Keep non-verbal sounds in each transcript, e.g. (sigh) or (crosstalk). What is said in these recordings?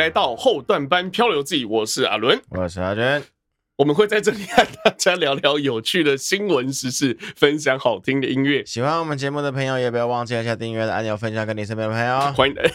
來到後段班漂流記，我是阿倫，我是阿俊，我們會在這裡和大家聊聊有趣的新聞時事，分享好聽的音樂。喜歡我們節目的朋友，也不要忘記按一下訂閱的按鈕，分享給你身邊的朋友。歡迎來，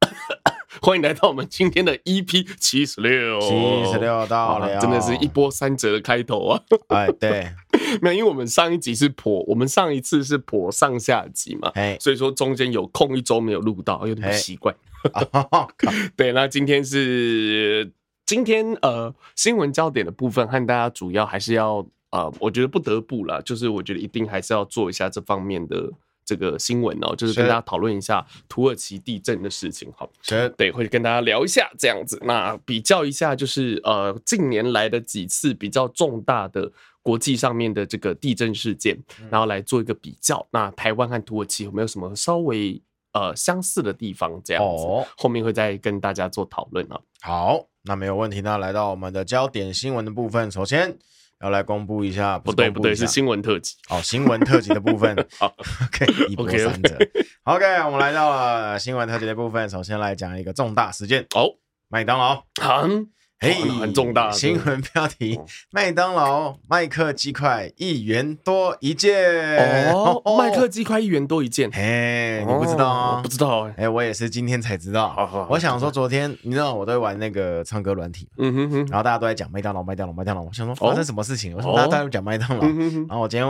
(laughs) 歡迎來到我們今天的 EP 七十六，七十六到了，真的是一波三折的開頭啊！哎，對， (laughs) 沒有，因為我們上一集是破」，我們上一次是破」上下集嘛，哎，Hey. 所以說中間有空一週沒有錄到，有點奇怪 Hey.。哈哈，oh, (laughs) 對，那今天是今天呃新聞焦點的部分，和大家主要還是要呃，我覺得不得不啦，就是我覺得一定還是要做一下這方面的這個新聞哦、喔，就是跟大家討論一下土耳其地震的事情好。好的，對，會跟大家聊一下這樣子。那比較一下，就是呃近年來的幾次比較重大的國際上面的這個地震事件，然後來做一個比較。那台灣和土耳其有沒有什麼稍微？呃，相似的地方這樣子，哦、後面會再跟大家做討論啊。好，那沒有問題。那來到我們的焦點新聞的部分，首先要來公布一下，哦、不對，不對，是新聞特輯。好、哦，新聞特輯的部分。哦，OK，一波三折。 (laughs) okay, okay. OK，我們來到了新聞特輯的部分， (laughs) 首先來講一個重大事件。哦，麥當勞。嗯嘿，hey, 很重大新聞標題：麥當勞麥克雞塊一元多一件哦！麥克雞塊一元多一件，嘿，哦、你不知道啊，不知道哎，我也是今天才知道。我想說，昨天你知道我在玩那個唱歌軟體，嗯哼哼，然後大家都在講麥當勞，麥當勞，麥當勞。我想說，發生什麼事情？我說、哦、大家都在講麥當勞？哦、然後我今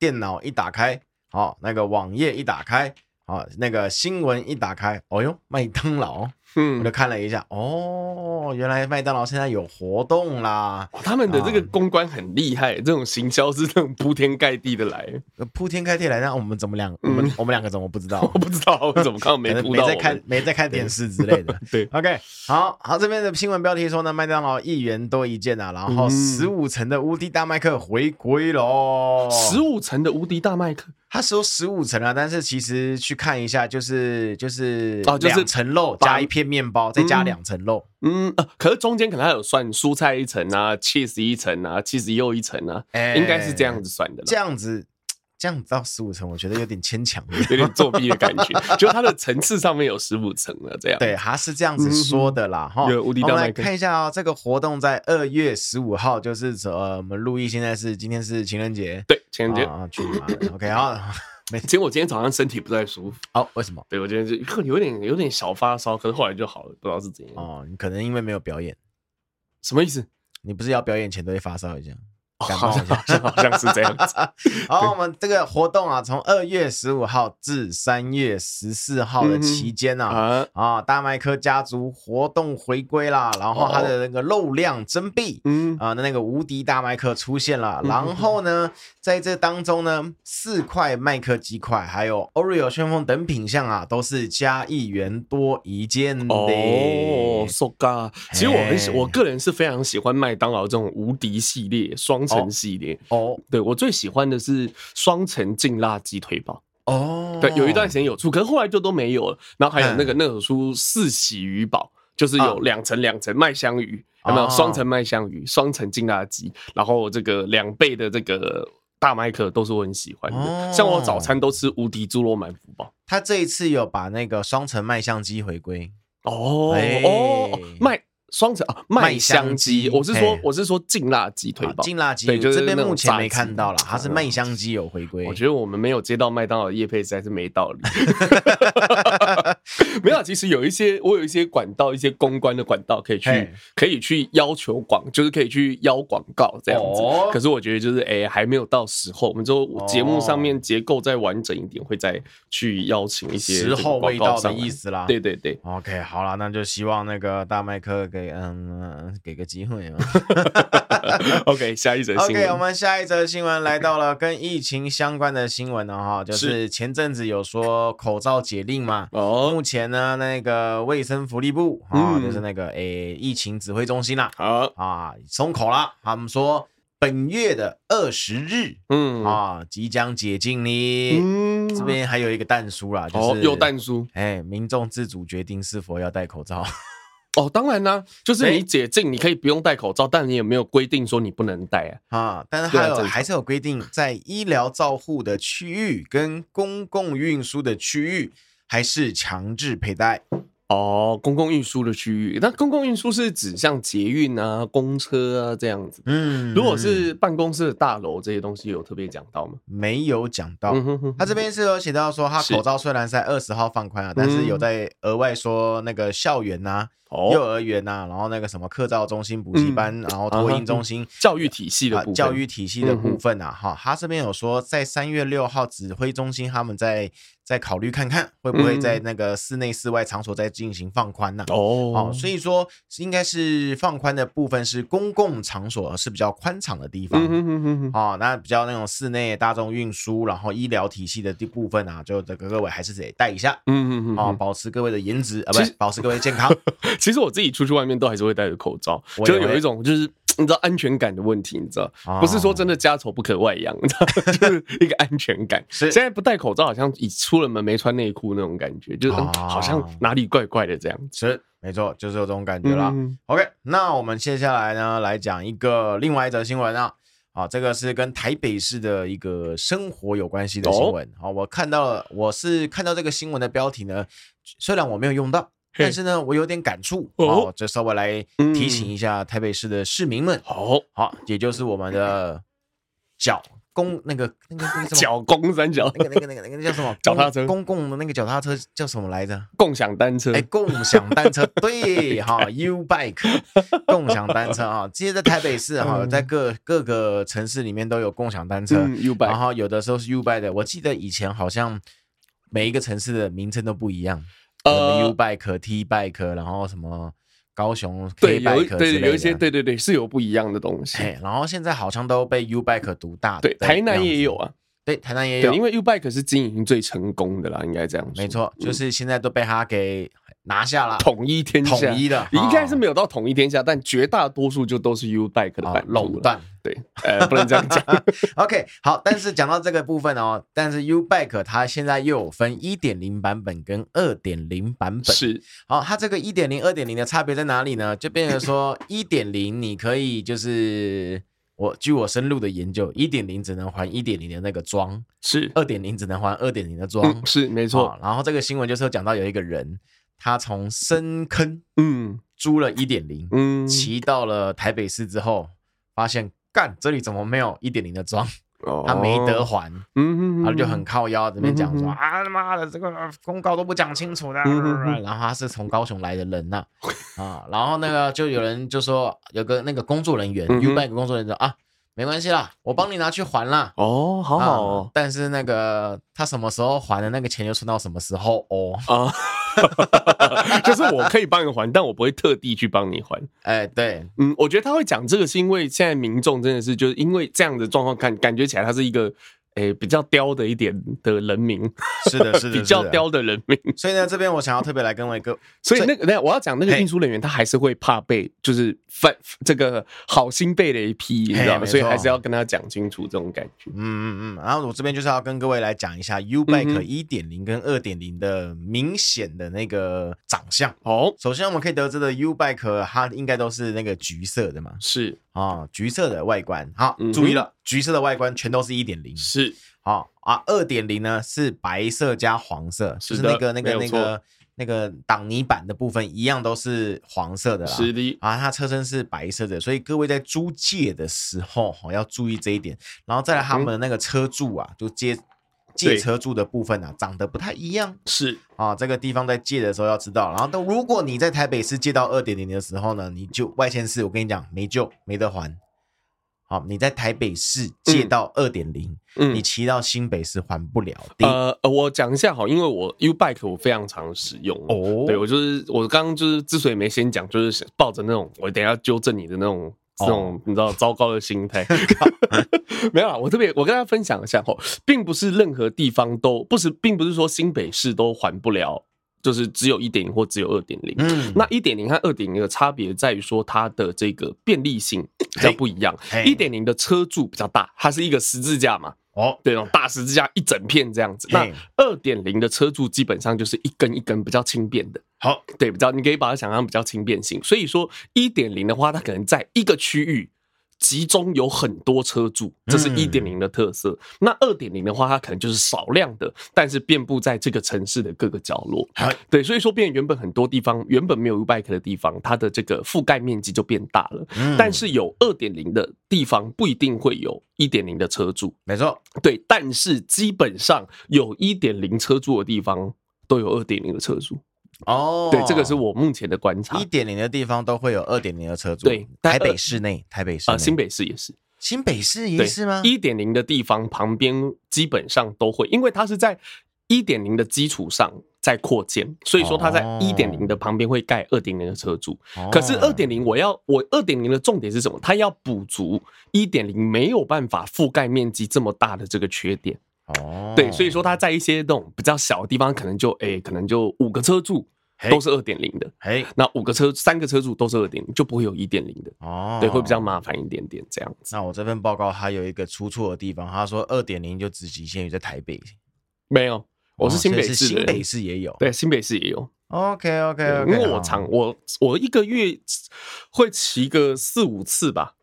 天電腦一打開，好，那個網頁一打開，好，那個新聞一打開，哦呦，麥當勞。嗯，我就看了一下，嗯、哦，原來麥當勞現在有活動啦！哦、他們的這個公關很厲害，啊、這種行銷是這種鋪天蓋地的來，鋪天蓋地來。那我們怎麼兩，嗯、我們我們兩個怎麼不知道？我不知道，我怎麼看沒 (laughs) 沒在看，沒在看電視之類的。對, (laughs) 對，OK，好好這邊的新聞標題說呢，麥當勞一元多一件啊，然後十五層的無敵大麥克回歸嘍，十五、嗯、層的無敵大麥克。他說十五層啊，但是其實去看一下、就是，就是就是哦，就是兩層肉加一片麵包，再加兩層肉，哦就是、嗯呃、嗯啊、可是中間可能還有算蔬菜一層啊，起司一層啊，起司又一層啊，欸、應該是這樣子算的啦，這樣子。這樣子到十五層，我覺得有點牽強，有點作弊的感覺。就 (laughs) 它的層次上面有十五層了，這樣。對，他是這樣子說的啦。哈，我們來看一下哦、喔，這個活動在二月十五號，就是說我們陸毅現在是今天是情人節，對，情人節。啊，去咳咳咳，OK，去。好。沒，其實我今天早上身體不太舒服。哦，為什麼？對，我今天就有點有點小發燒，可是後來就好了，不知道是怎樣。哦，你可能因為沒有表演。什麼意思？你不是要表演前都會發燒一下？好像好像，好像是這樣子 (laughs) 好。然後我們這個活動啊，從二月十五號至三月十四號的期間啊，嗯嗯、啊，大麥克家族活動回歸啦。然後它的那個肉量增倍，哦、嗯啊，那個無敵大麥克出現了。嗯、哼然後呢，在這當中呢，四塊麥克雞塊，還有 Oreo 旋風等品項啊，都是加一元多一件。哦，so good。其實我很喜我個人是非常喜歡麥當勞這種無敵系列雙層、哦、系列哦，對，我最喜歡的是雙層勁辣雞腿堡哦，對，有一段時間有出，可是後來就都沒有了。然後還有那個、嗯、那何書四喜魚堡，就是有兩層兩層麥香魚，啊，有沒有雙層麥香魚、雙層勁辣雞，然後這個兩倍的這個大麥克都是我很喜歡的。哦、像我早餐都吃無敵豬肉滿福堡，他這一次有把那個雙層麥香雞回歸哦、欸、哦麥。雙層啊，麥香雞，我是說我是說勁辣雞腿堡，勁辣雞，對，這邊目前沒看到了，它是麥香雞有回歸。我覺得我們沒有接到麥當勞的業配實在是沒道理。沒有，其實有一些，我有一些管道，一些公關的管道可以去，可以去要求廣，就是可以去邀廣告這樣子。可是我覺得就是哎，還沒有到時候，我們之後節目上面結構再完整一點，會再去邀請一些時候未到的意思啦。對對對，OK，好了，那就希望那個大麥克跟。嗯，給個機會嘛。 (laughs) (laughs) OK，下一則新聞。OK，我們下一則新聞來到了跟疫情相關的新聞了哈， (laughs) 就是前陣子有說口罩解令嘛。哦。目前呢，那個衛生福利部、嗯、啊，就是那個誒、欸，疫情指揮中心啦，好、嗯、啊，鬆口了。他們說本月的二十日，嗯啊，即將解禁呢。嗯、這邊還有一個但書啦，啊就是、哦，有但書。哎、欸，民眾自主決定是否要戴口罩。哦，當然啦、啊，就是你解禁，你可以不用戴口罩，對但你有沒有規定說你不能戴啊？啊但是還有還是有規定，在醫療照護的區域跟公共運輸的區域，還是強制佩戴。哦，公共運輸的區域，那公共運輸是指像捷運啊、公車啊這樣子。嗯，嗯如果是辦公室的大樓這些東西有特別講到嗎？沒有講到。嗯、哼哼哼他這邊是有寫到說，他口罩雖然在二十號放寬啊，是但是有在額外說那個校園吶、啊、哦、幼兒園吶、啊，然後那個什麼課照中心、補習班，嗯、然後托嬰中心、嗯哼哼、教育體系的部分、啊、教育體系的部分啊。哈、嗯哼，他這邊有說在三月六號指揮中心他們在。再考慮看看，會不會在那個室內、室外場所再進行放寬呢、啊嗯？哦,哦，所以說應該是放寬的部分是公共場所是比較寬敞的地方嗯哼哼哼哦，那比較那種室內大眾運輸，然後醫療體系的這部分啊，就這個各位還是得戴一下，嗯嗯嗯，哦，保持各位的顏值啊，不是其實、呃、保持各位健康。 (laughs) 其實我自己出去外面都還是會戴着口罩，我就有一種就是。你知道安全感的問題，你知道、啊、不是說真的家醜不可外揚，你知道就是一個安全感。 (laughs) 是現在不戴口罩，好像已出了門沒穿內褲那種感覺，就是好像哪裡怪怪的這樣子、啊。是沒錯，就是有這種感覺啦。嗯、OK，那我們接下來呢，來講一個另外一則新聞啊。啊，這個是跟台北市的一個生活有關係的新聞。好、哦啊，我看到了，我是看到這個新聞的標題呢，雖然我沒有用到。但是呢，我有點感觸，hey，哦，就稍微來提醒一下台北市的市民們，好、嗯，好、哦，也就是我們的腳公那個那個叫什麼腳公三角，那個那個那個那個叫什麼腳踏車公，公共的那個腳踏車叫什麼來着？共享單車，哎、欸，共享單車，對， (laughs) 哈，U bike，共享單車啊，其實在台北市哈，嗯、在各各個城市裡面都有共享單車、嗯、，U bike，然後有的時候是 U bike 的，我記得以前好像每一個城市的名稱都不一樣。U bike, 呃，U bike、T bike，然後什麼高雄、K bike 對,對，有一些，對對對，是有不一樣的東西。哎、然後現在好像都被 U bike 獨大，對，對台南也有啊，對，台南也有，因為 U bike 是經營最成功的啦，應該這樣說、嗯。沒錯，就是現在都被他給拿下了，嗯、統一天下，統一的，哦、應該是沒有到統一天下，但絕大多數就都是 U bike 的壟、哦、斷。對，呃，不能這樣講。 (laughs) OK，好，但是講到這個部分哦， (laughs) 但是 U-bike 它現在又有分一點零版本跟二點零版本。是，好，它這個一點零、二點零的差別在哪裡呢？就變成說，一點零你可以就是，我據我深入的研究，一點零只能還一點零的那個樁是；二點零只能還二點零的樁、嗯、是沒錯、哦。然後這個新聞就是有講到有一個人，他從深坑嗯租了一點零嗯騎到了台北市之後，發現。幹，這裡怎麼沒有一點零的樁？Oh, 他沒得還，嗯、mm，他、hmm. 就很靠腰這邊講說、mm hmm. 啊，他媽的，這個公告都不講清楚的。Mm hmm. 然後他是從高雄來的人吶、啊， (laughs) 啊，然後那個就有人就說，有個那個工作人員、mm hmm.，U-bike 工作人員說，啊。沒關係啦，我幫你拿去還啦。哦，好好、哦嗯。但是那個他什麼時候還的那個錢，又存到什麼時候？哦，啊哈哈哈哈哈。 (laughs) 就是我可以幫你還， (laughs) 但我不會特地去幫你還。哎，對，嗯，我覺得他會講這個，是因為現在民眾真的是，就是因為這樣的狀況看，看感覺起來他是一個。誒、欸，比較刁的一點的人名，是的，是的，比較刁的人名。所以呢，這邊我想要特別來跟各位， (laughs) 所以那那個、以我要講那個運輸人員，嘿他還是會怕被，就是犯嘿這個好心被雷劈，你知道嗎？所以還是要跟他講清楚這種感覺。嗯嗯嗯。然後我這邊就是要跟各位來講一下 U-Bike 一點零跟二點零的明顯的那個長相。哦，首先我們可以得知的 U-Bike 它應該都是那個橘色的嘛？是。啊、哦，橘色的外觀，好，mm hmm. 注意了，mm hmm. 橘色的外觀全都是一點零，是，好啊，二點零呢是白色加黃色，是不是那個那個那個那個擋泥板的部分一樣都是黃色的啦，是的，啊，它車身是白色的，所以各位在租借的時候哈、哦、要注意這一點，然後再來他們的那個車柱啊，嗯、就接。借車住的部分呢、啊，對長得不太一樣。是啊，這個地方在借的時候要知道。然後，但如果你在台北市借到二點零的時候呢，你就外縣市，我跟你講，沒救，沒得還。好、啊，你在台北市借到二點零，嗯、你騎到新北市還不了的。呃，我講一下哈，因為我 Ubike 我非常常使用哦。對我就是我剛剛就是之所以沒先講，就是抱着那種我等下糾正你的那種。這種你知道糟糕的心態，哦、沒有啊？我特別我跟大家分享一下哈，並不是任何地方都不是，並不是說新北市都還不了，就是只有一點零或只有二點零。那一點零和二點零的差別在於說它的這個便利性比較不一樣。一點零的車柱比較大，它是一個十字架嘛？哦，對，那種大十字架一整片這樣子。那二點零的車柱基本上就是一根一根比較輕便的。好，對，比較你可以把它想象比較輕便性。所以說，一點零的話，它可能在一個區域集中有很多車柱，這是一點零的特色。嗯，那二點零的話，它可能就是少量的，但是遍布在這個城市的各個角落。好的。對，所以說變原本很多地方原本沒有 U-Bike 的地方，它的這個覆蓋面積就變大了。嗯、但是有二點零的地方，不一定會有一點零的車柱。沒錯，對，但是基本上有一點零車柱的地方，都有二點零的車柱。哦，oh, 對，這個是我目前的觀察。一點零的地方都會有二點零的車主。對，台北市內、台北市啊、呃，新北市也是，新北市也是嗎？一點零的地方旁邊基本上都會，因為它是在一點零的基礎上在擴建，所以說它在一點零的旁邊會蓋二點零的車主。Oh. 可是二點零，我要我二點零的重點是什麼？它要補足一點零沒有辦法覆蓋面積這麼大的這個缺點。哦，oh. 對，所以說他在一些那種比較小的地方可、欸，可能就哎，可能就五個車主都是二點零的，哎，Hey. 那五個車三個車主都是二點零，就不會有一點零的哦。Oh. 對，會比較麻煩一點點這樣子。那我這份報告還有一個出錯的地方，他說二點零就只局限於在台北，沒有，我是新北市、oh, 新北市也有，對，新北市也有。OK OK OK，因為我常好我我一個月會騎個四五次吧，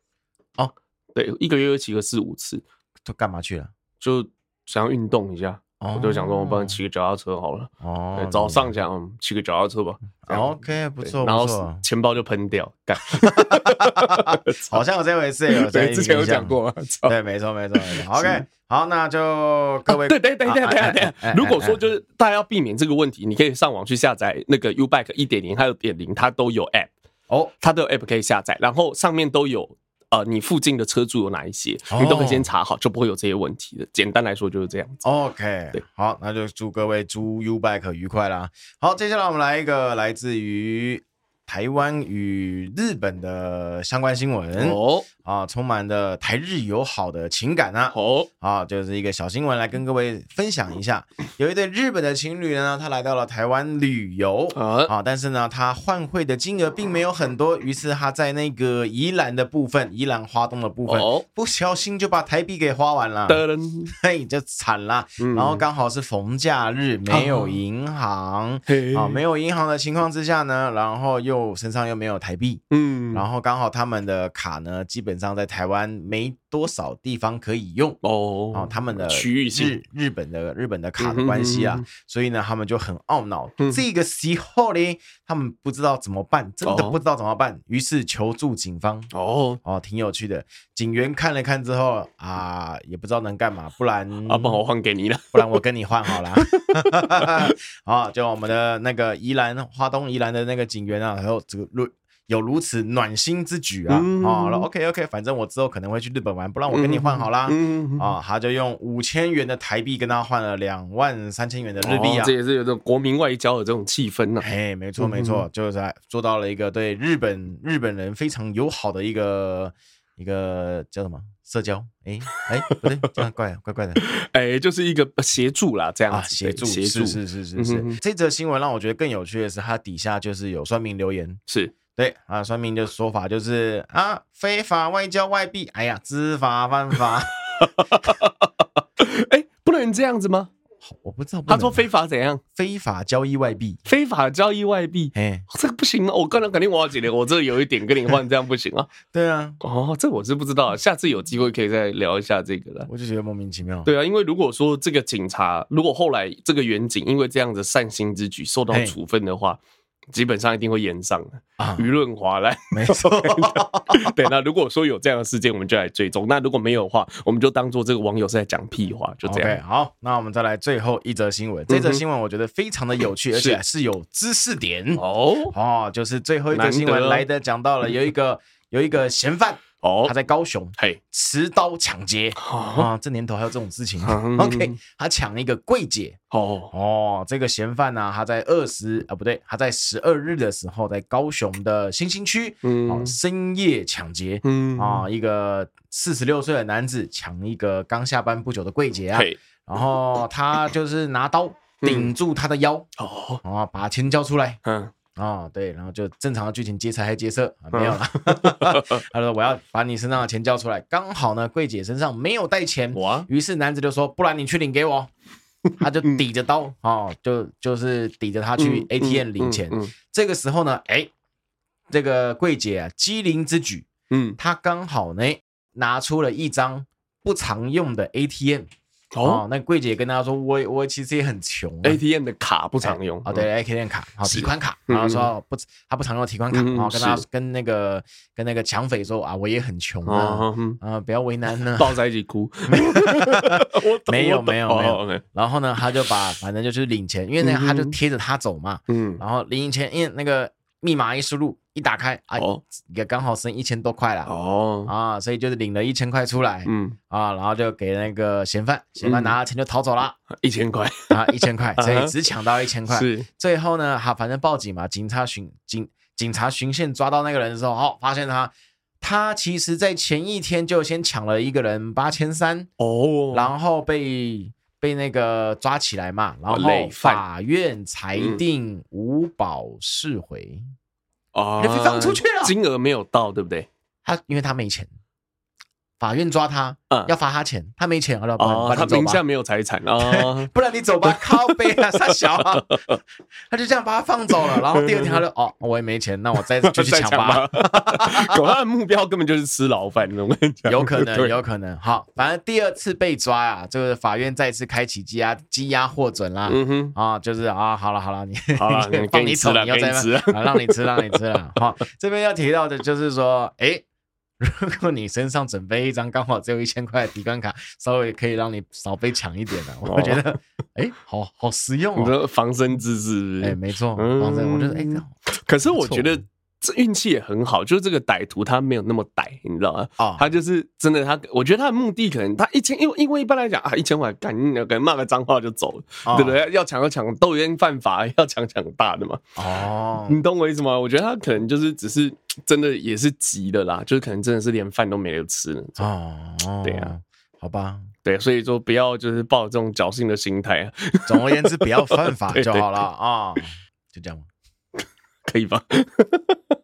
哦，oh. 對，一個月會騎個四五次，都幹嘛去了？就。想要運動一下，我就想說，我幫你騎個腳踏車好了。哦，早上想來騎個腳踏車吧。OK，不錯，然後錢包就噴掉，oh, okay, 掉。 (laughs) (laughs) 好像有這回事有，有之前有講過。對，沒錯，沒錯，沒錯。OK，好，那就各位、啊、對，等一下等一下，等一下。如果說就是大家要避免這個問題，你可以上網去下載那個 UBike 一點零還有點零，它都有 App 哦，它都有 App 可以下載，然後上面都有。呃，你附近的車主有哪一些？Oh. 你都會先查好，就不會有這些問題的。簡單來說就是這樣子。OK，對好，那就祝各位租 Ubike 愉快啦。好，接下來我們來一個來自於台灣與日本的相關新聞哦。Oh. 啊，充滿的台日友好的情感呢。哦，啊，啊，就是一個小新聞來跟各位分享一下。有一對日本的情侶呢，他來到了台灣旅遊啊，但是呢，他換匯的金額並沒有很多，於是他在那個宜蘭的部分、宜蘭花東的部分，不小心就把台幣給花完了。嘿，就慘了。然後剛好是逢假日，沒有銀行啊，沒有銀行的情況之下呢，然後又身上又沒有台幣，嗯，然後剛好他們的卡呢，基本上在台灣沒多少地方可以用、oh, 哦，啊，他們的區域是日本的，日本的卡的關係啊，嗯、所以呢，他們就很懊惱。嗯、這個時候呢，他們不知道怎麼辦，真的不知道怎麼辦，於、oh. 是求助警方。哦、oh. 哦，挺有趣的。警員看了看之後啊，也不知道能幹嘛，不然啊，幫我換給你了，不然我跟你換好了。啊， (laughs) (laughs) 就我們的那個宜蘭、花東宜蘭的那個警員啊，然後這個有如此暖心之舉啊！啊、嗯哦、OK OK，反正我之後可能會去日本玩，不然我跟你換好啦。啊、嗯嗯嗯哦！他就用五千元的台幣跟他換了兩萬三千元的日幣啊、哦！這也是有這種國民外交的這種氣氛呢、啊。哎，沒錯沒錯，就是做到了一個對日本、嗯、哼日本人非常友好的一個一個叫什麼社交？哎哎不對，這樣怪 (laughs) 怪怪的。哎，就是一個協助啦。這樣啊，協助，協助是，是是是是是。嗯、哼哼這則新聞讓我覺得更有趣的是，它底下就是有酸民留言是。對啊，算命的說法就是啊，非法外交外幣，哎呀，知法犯法。哎、 (laughs) (laughs) 欸，不能這樣子嗎？我不知道不。他說非法怎樣？非法交易外幣，非法交易外幣。哎嘿，這個不行嗎、啊？我剛人肯定我講的，我這有一點跟你換，這樣不行啊。 (laughs) 對啊，哦，這我是不知道、啊，下次有機會可以再聊一下這個了。我就覺得莫名其妙。對啊，因為如果說這個警察，如果後來這個員警因為這樣子善心之舉受到處分的話。基本上一定會延上的啊，輿論譁然，沒錯。對，那如果說有這樣的事件，我們就來追蹤；那如果沒有的話，我們就當做這個網友是在講屁話，就這樣。Okay, 好，那我們再來最後一則新聞。嗯、哼這則新聞我覺得非常的有趣，是而且是有知識點哦啊、哦，就是最後一則新聞來的，講到了有一個有一個嫌犯。哦，oh, 他在高雄，嘿，Hey. 持刀搶劫、oh. 啊！這年頭還有這種事情、um？OK，他搶一個櫃姐。哦、oh. 哦，這個嫌犯呢、啊，他在二十啊，不對，他在十二日的時候，在高雄的新興區，嗯、mm. 啊，深夜搶劫，嗯、mm. 啊，一個四十六歲的男子搶一個剛下班不久的櫃姐啊，Hey. 然後他就是拿刀頂住他的腰，哦，mm. 然後把錢交出來，嗯。Huh. 啊、哦，對，然後就正常的劇情劫財還劫色、啊，沒有了。啊、 (laughs) 他說：“我要把你身上的錢交出來。”剛好呢，櫃姐身上沒有帶錢，哇，於是男子就說：“不然你去領給我。”他就抵着刀啊、嗯哦，就就是抵着他去 ATM 領錢。嗯嗯嗯嗯、這個時候呢，哎，這個櫃姐啊，機靈之舉，嗯，她剛好呢拿出了一張不常用的 ATM。哦，那櫃姐跟他說：“我我其實也很窮，ATM 的卡不常用。”啊，對，ATM 卡，然後提款卡，然後說不，他不常用提款卡，然後跟跟那個跟那個搶匪說：“啊，我也很窮啊，不要為難呢。”抱在一起哭，沒有沒有沒有，然後呢，他就把反正就是領錢，因為呢他就貼着他走嘛，嗯，然後領錢，因為那個密碼一輸入。一打開，哎、啊，哦、也剛好剩一千多塊了。哦，啊，所以就是領了一千塊出來，嗯，啊，然後就給那個嫌犯，嫌犯拿了錢就逃走了。嗯、一千塊啊、嗯，一千塊，嗯、所以只搶到一千塊。是、嗯、最後呢，哈、啊，反正報警嘛，警察巡警警察巡線抓到那個人的時候、哦，發現他，他其實在前一天就先搶了一個人八千三。哦，然後被被那個抓起來嘛，然後法院裁定無保釋回。啊，uh, 放出去了，金額沒有到，對不對？他因為他沒錢。法院抓他，要罰他錢，他沒錢，好了，吧。他名下沒有財產啊，不然你走吧。靠北啊，殺小啊，他就這樣把他放走了。然後第二天他就哦，我也沒錢，那我再次就去搶吧。狗他的目標根本就是吃牢飯，有可能，有可能。好，反正第二次被抓啊，就是法院再次開啟羈押，羈押獲准了。嗯哼，啊，就是啊，好了好了，你好了，給你吃了，給你吃，讓你吃，讓你吃了。好，這邊要提到的就是說，哎。如果你身上準備一張剛好只有一千塊的提款卡，稍微可以讓你少被搶一點的、啊，好吧 我覺得，哎、欸，好好實用、啊、你的防身姿勢，哎，沒錯，防身，嗯、我覺得，哎、欸，可是我覺得。運氣也很好，就是這個歹徒他沒有那麼歹，你知道嗎？Oh. 他就是真的他，他我覺得他的目的可能他一千，因為因為一般來講啊，一千萬幹可能罵個髒話就走了，oh. 對不對？要搶要搶，都嫌犯法，要搶搶大的嘛。哦，oh. 你懂我意思嗎？我覺得他可能就是只是真的也是急的啦，就是可能真的是連飯都沒得吃哦，oh. Oh. 對啊，oh. 對啊好吧，對，所以說不要就是抱這種僥倖的心態。 (laughs) 總而言之，不要犯法就好了啊， (laughs) 對對對 oh. 就這樣嗎？可以吧 (laughs)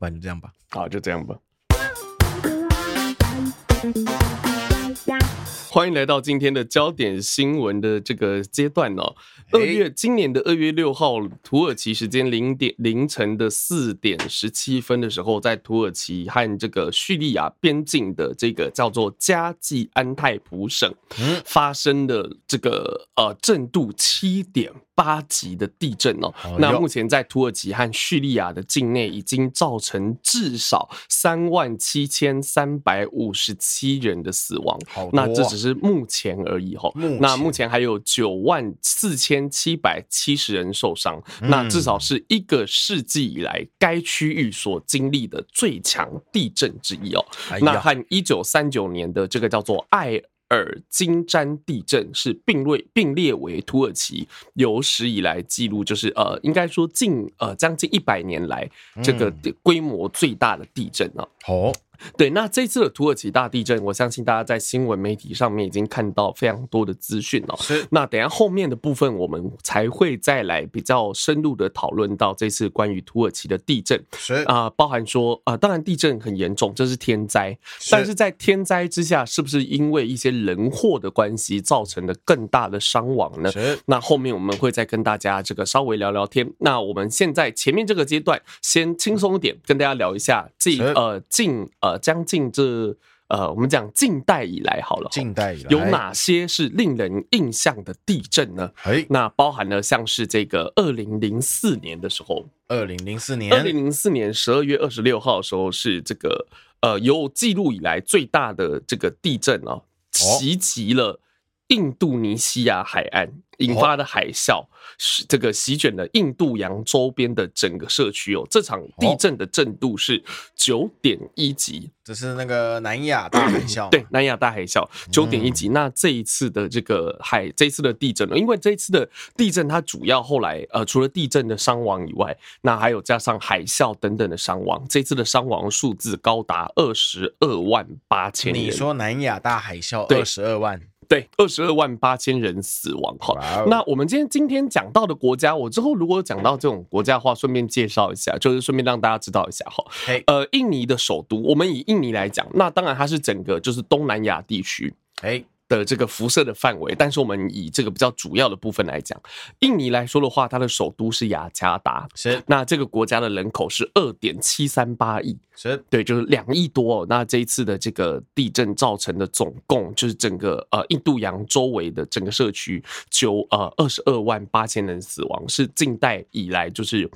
那 (laughs) 就這樣吧，好，就這樣吧。欸、歡迎來到今天的焦點新聞的這個階段哦。二月，今年的二月六號，土耳其時間零點凌晨的四點十七分的時候，在土耳其和這個敘利亞邊境的這個叫做加濟安泰普省，欸、發生的這個呃震度七點。八級的地震哦，喔，oh, 那目前在土耳其和敘利亞的境內已經造成至少三萬七千三百五十七人的死亡，多啊，那這只是目前而已哈，喔。目前 那目前還有九萬四千七百七十人受傷，嗯，那至少是一個世紀以來該區域所經歷的最強地震之一哦，喔。哎，呀 那和一九三九年的這個叫做愛。而金占地震是並列並列為土耳其有史以來記錄，就是呃，應該說近呃將近一百年來這個規模最大的地震了，啊。嗯哦對，那這次的土耳其大地震，我相信大家在新聞媒體上面已經看到非常多的資訊了，哦。是那等下後面的部分，我們才會再來比較深入的討論到這次關於土耳其的地震。是啊，呃，包含說啊，呃，當然地震很嚴重，這是天災。是。但是在天災之下，是不是因為一些人禍的關係，造成了更大的傷亡呢？是。那後面我們會再跟大家這個稍微聊聊天。那我們現在前面這個階段，先輕鬆一點，跟大家聊一下近呃近是呃。近呃將近這呃，我們講近代以來好了，近代以來，有哪些是令人印象的地震呢？欸，那包含了像是這個二零零四年的時候，二零零四年，二零零四年十二月二十六號的時候，是這個呃有記錄以來最大的這個地震哦，襲擊了。印度尼西亞海岸引發的海嘯，是、哦、這個席捲了印度洋周邊的整個社區哦。這場地震的震度是九點一級，這是那個南亞大海嘯、嗯。對，南亞大海嘯九點一級。嗯、那這一次的這個海，這一次的地震呢？因為這一次的地震，它主要後來呃，除了地震的傷亡以外，那還有加上海嘯等等的傷亡。這次的傷亡的數字高達二十二萬八千。你說南亞大海嘯二十二萬？對，二十二萬八千人死亡哈。Wow. 那我們今天今天講到的國家，我之後如果講到這種國家的話，順便介紹一下，就是順便讓大家知道一下哈。Hey. 呃，印尼的首都，我們以印尼來講，那當然它是整個就是東南亞地區。Hey. 的這個輻射的範圍，但是我們以這個比較主要的部分來講，印尼來說的話，它的首都是雅加達，是，那這個國家的人口是二點七三八億，是，對，就是兩億多。那這一次的這個地震造成的總共就是整個呃印度洋周圍的整個社區就呃二十二萬八千人死亡，是近代以來就是。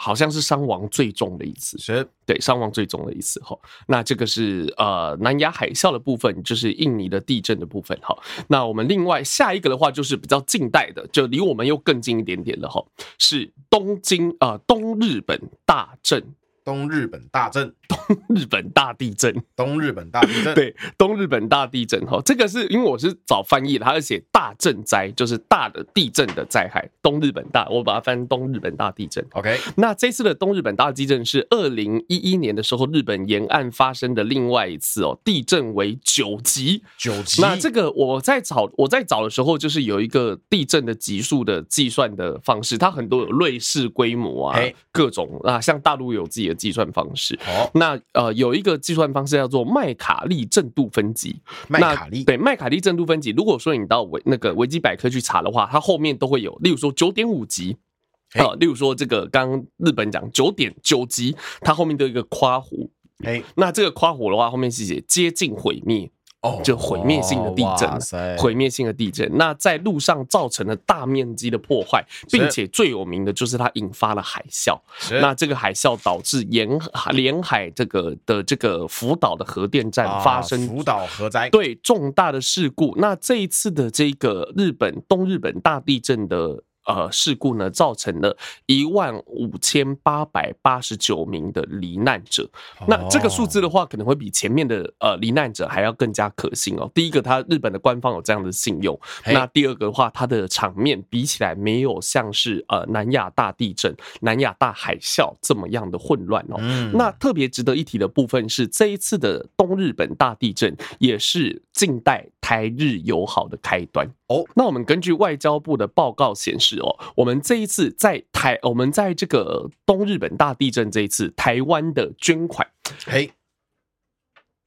好像是傷亡最重的一次，是，對，傷亡最重的一次。哈，那這個是呃南亞海嘯的部分，就是印尼的地震的部分。哈，那我們另外下一個的話，就是比較近代的，就離我們又更近一點點了。哈，是東京啊，呃，東日本大震。東日本大震，東日本大地震，東日本大地震， (laughs) 對，東日本大地震哈，這個是因為我是找翻譯，它是寫大震災，就是大的地震的災害，東日本大，我把它翻東日本大地震。OK，那這次的東日本大地震是二零一一年的時候，日本沿岸發生的另外一次哦、喔，地震為九級，九級。那這個我在找我在找的時候，就是有一個地震的級數的計算的方式，它很多有芮氏規模啊，Hey. 各種啊，像大陸有自己的計算方式，哦、oh.。那呃有一個計算方式叫做麥卡利震度分級。麥卡利，對麥卡利震度分級，如果說你到維那個維基百科去查的話，它後面都會有，例如說九點五級，啊，例如說這個剛剛日本講九點九級，它後面都有一個誇弧，哎，Hey. 那這個誇弧的話，後面是寫接近毀滅。哦，oh, oh, 就毀滅性的地震，毀滅性的地震，那在路上造成了大面積的破壞，是並且最有名的就是它引發了海嘯。是那這個海嘯導致沿沿海這個的這個福島的核電站發生福島、啊、核災，對，重大的事故。那這一次的這個日本東日本大地震的。呃，事故呢，造成了一萬五千八百八十九名的罹難者。Oh. 那這個數字的話，可能會比前面的呃罹難者還要更加可信哦。第一個，他日本的官方有這樣的信用；Hey. 那第二個的話，它的場面比起來沒有像是呃南亞大地震、南亞大海嘯這麼樣的混亂哦。Mm. 那特別值得一提的部分是，這一次的東日本大地震也是近代台日友好的開端哦。Oh. 那我們根據外交部的報告顯示。我們這一次在台，我們在這個東日本大地震這一次台灣的捐款，嘿。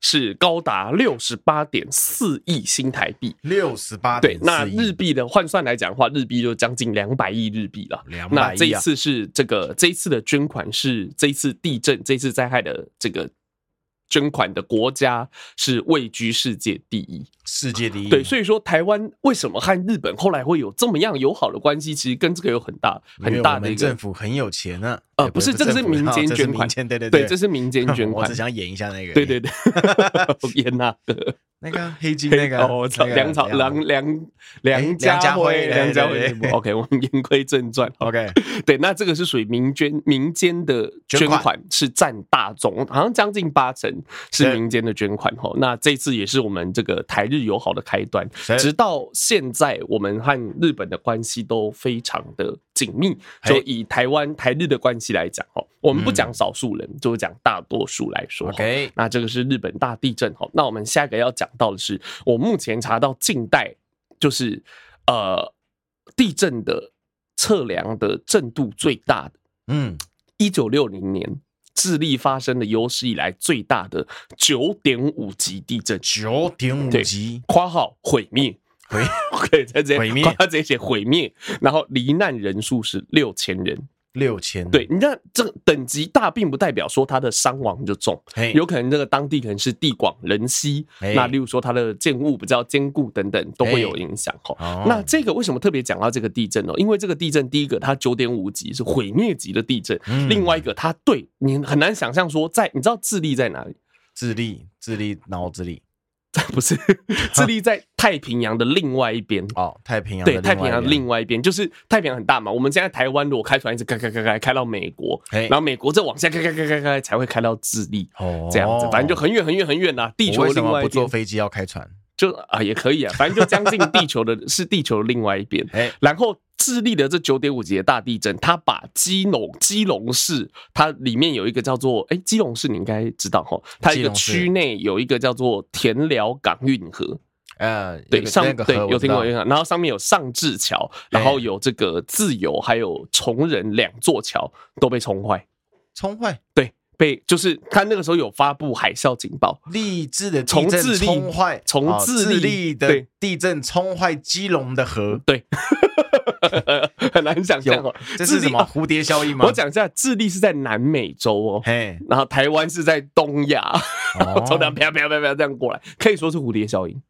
是高達六十八點四億新台幣，六十八，對那日幣的換算來講的話，日幣就將近兩百億日幣了。兩百億。那這一次是這個這一次的捐款是這一次地震這一次災害的這個。捐款的國家是位居世界第一，世界第一。對，所以說台灣為什麼和日本後來會有這麼樣友好的關係，其實跟這個有很大很大的一個、呃。我們政府很有錢啊！呃，不是，啊、這個是民間捐款。對對對，這是民間捐款。我只想演一下那個、欸。對對對，我別那個。那個黑金那個我操，梁朝梁、梁、梁家輝、梁家輝，OK，我們言歸正傳，OK，對，那這個是屬於民捐，民間的捐款是佔大宗，好像將近八成是民間的捐款哈。那這次也是我們這個台日友好的開端，直到現在我們和日本的關係都非常的緊密。就以台灣台日的關係來講哦，我們不講少數人，就講大多數來說，OK，那這個是日本大地震哈。那我們下個要講。到的是我目前查到近代就是呃，地震的測量的震度最大的，嗯，一九六零年智利發生的有史以來最大的九點五級地震，九點五級，括號毀滅，毀毀 (laughs) 可以在這邊括到這些毀滅，他直接寫毀滅，然後罹難人數是六千人。六千，對，你看這等級大，並不代表說它的傷亡就重，hey, 有可能這個當地可能是地廣人稀，hey, 那例如說它的建物比較堅固等等，都會有影響 Hey, 哦。那這個為什麼特別講到這個地震呢？因為這個地震，第一個它九點五級是毀滅級的地震，嗯、另外一個它對你很難想象說在，你知道智利在哪裡？智利，智利，腦子裡。不是，智利在太平洋的另外一邊。哦，太平洋對，太平洋的另外一邊就是太平洋很大嘛。我們現在台灣如果開船一直開開開開開到美國，嘿然後美國再往下開開開開開才會開到智利。哦，這樣子，反正就很遠很遠很遠吶、啊。地球另外一邊。為什麼不坐飛機要開船？就啊，也可以啊，反正就將近地球的， (laughs) 是地球的另外一邊。欸、然後智利的這九點五級的大地震，它把基隆基隆市，它裡面有一個叫做哎、欸、基隆市，你應該知道哈，它一個區內有一個叫做田寮港運河。呃，對上對有聽過運河，然後上面有上智橋，然後有這個自由還有崇仁兩座橋都被衝壞，衝壞對。被，就是他那個時候有發佈海嘯警報，智利的地震沖壞，從智利的地震沖壞基隆的河，對，很難想象哦，這是什麼蝴蝶效應嗎？我講一下，智利是在南美洲哦，嘿，然後台灣是在東亞，從那邊飄飄飄飄這樣過來，可以說是蝴蝶效應。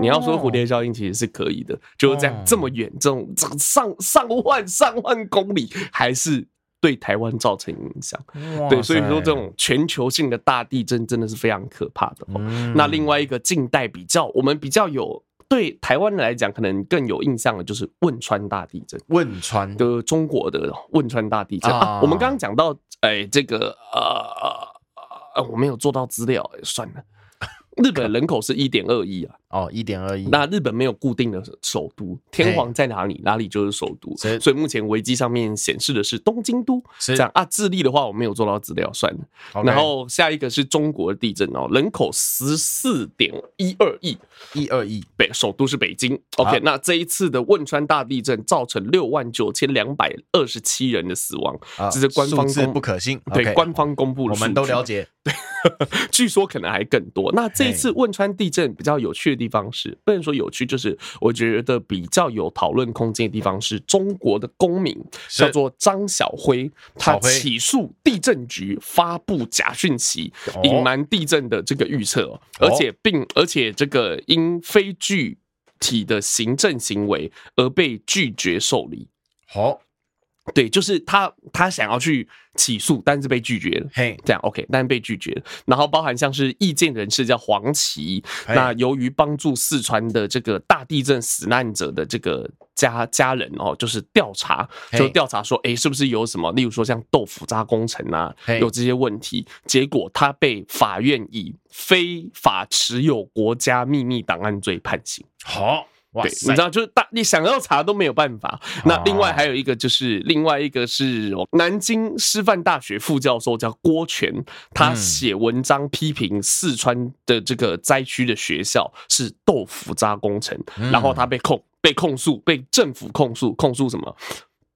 你要說蝴蝶效應其實是可以的，就是這樣這麼遠，這種上上萬上萬公里還是，對台灣造成影響，哇塞 對，所以說這種全球性的大地震真的是非常可怕的喔。嗯、那另外一個近代比較，我們比較有對台灣來講可能更有印象的，就是汶川大地震。汶川的中國的汶川大地震，啊啊、我們剛剛講到，哎，這個啊，我沒有做到資料，欸，算了。日本人口是一點二億啊。哦，一點二億。那日本沒有固定的首都，天皇在哪裡，哪裡就是首都。所以，目前維基上面顯示的是東京都。這樣啊，智利的話，我沒有做到資料算。然後下一個是中國地震哦，人口十四點一二億，一二億，北首都是北京。OK，那這一次的汶川大地震造成六萬九千兩百二十七人的死亡，這是官方公布不可信。對，官方公布的我們都了解。對，據說可能還更多。那這一次汶川地震比較有確定。地方是不能說有趣，就是我覺得比較有討論空間的地方是中國的公民叫做張曉輝，他起訴地震局發布假訊息，隱瞞地震的這個預測，而且並而且這個因非具體的行政行為而被拒絕受理。好。對，就是他，他想要去起訴，但是被拒絕了。嘿，Hey. 這樣 OK，但是被拒絕了。然後包含像是異見人士叫黃琦，Hey. 那由於幫助四川的這個大地震死難者的這個家家人哦，就是調查，就是、調查說，Hey. 誒是不是有什麼，例如說像豆腐渣工程啊，Hey. 有這些問題，結果他被法院以非法持有國家秘密檔案罪判刑。好。Oh. 哇對，你知道，就是大你想要查都沒有辦法。那另外還有一個，就是、哦、另外一個是南京師範大學副教授叫郭全，他寫文章批評四川的這個災區的學校是豆腐渣工程，嗯、然後他被控、被控訴、被政府控訴，控訴什麼？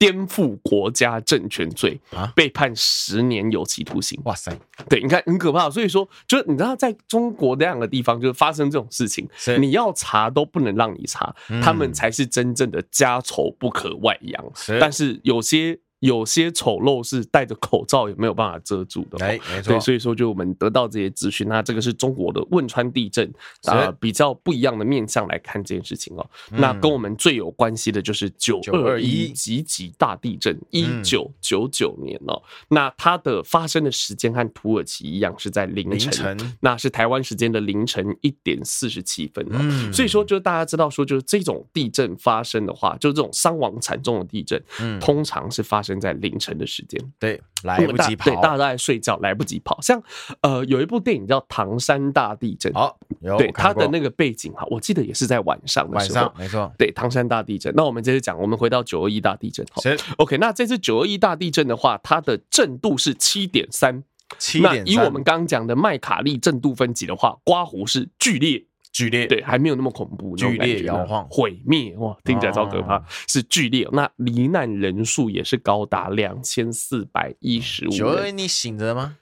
顛覆國家政權罪，被判十年有期徒刑。啊、哇塞，對，你看很可怕。所以說，就是你知道，在中國這樣的地方，就是發生這種事情，是你要查都不能讓你查，嗯、他們才是真正的家醜不可外揚。是但是有些。有些醜陋是戴着口罩也沒有辦法遮住的。哦，沒錯嗯、對，所以說就我們得到這些資訊，那這個是中國的汶川地震啊、呃，比較不一樣的面向來看這件事情哦。那跟我們最有關係的就是九二一集集大地震，一九九九年哦。那它的發生的時間和土耳其一樣，是在凌晨，那是台灣時間的凌晨一點四十七分。哦、所以說就大家知道說，就是這種地震發生的話，就是這種傷亡慘重的地震，通常是發生。正在凌晨的時間，對，來不及跑，對，大家都在睡覺，來不及跑。像，呃，有一部電影叫《唐山大地震》，哦，對，它的那個背景哈，過我記得也是在晚上的時候，晚上沒錯，對，《唐山大地震》。那我們接着講，我們回到九二一大地震。好是，OK，那這次九二一大地震的話，它的震度是七點三，七點，那以我們剛剛講的麥卡利震度分級的話，刮胡是劇烈。劇烈對，還沒有那麼恐怖。劇烈搖晃，毀滅哇，聽起來超可怕，是劇烈。那罹難人數也是高達兩千四百一十五。九二一你醒着嗎？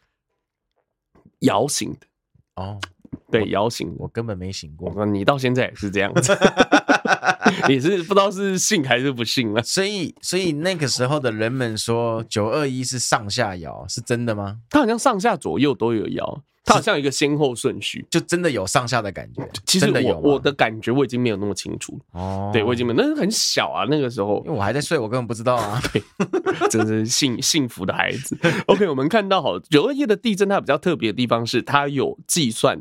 搖醒的哦，對，搖醒，我根本沒醒過。你到現在也是這樣子，你是不知道是信還是不信了？所以，所以那個時候的人們說九二一是上下搖，是真的嗎？它好像上下左右都有搖。它好像一個先後順序，就真的有上下的感覺。其實我真的有，我的感覺我已經沒有那麼清楚。哦，oh。對，我已經沒有，那是很小啊，那個時候，因為我還在睡，我根本不知道啊。 (laughs) 對，真的是幸幸福的孩子。OK， (laughs) 我們看到好九二一的地震，它比較特別的地方是它有計算。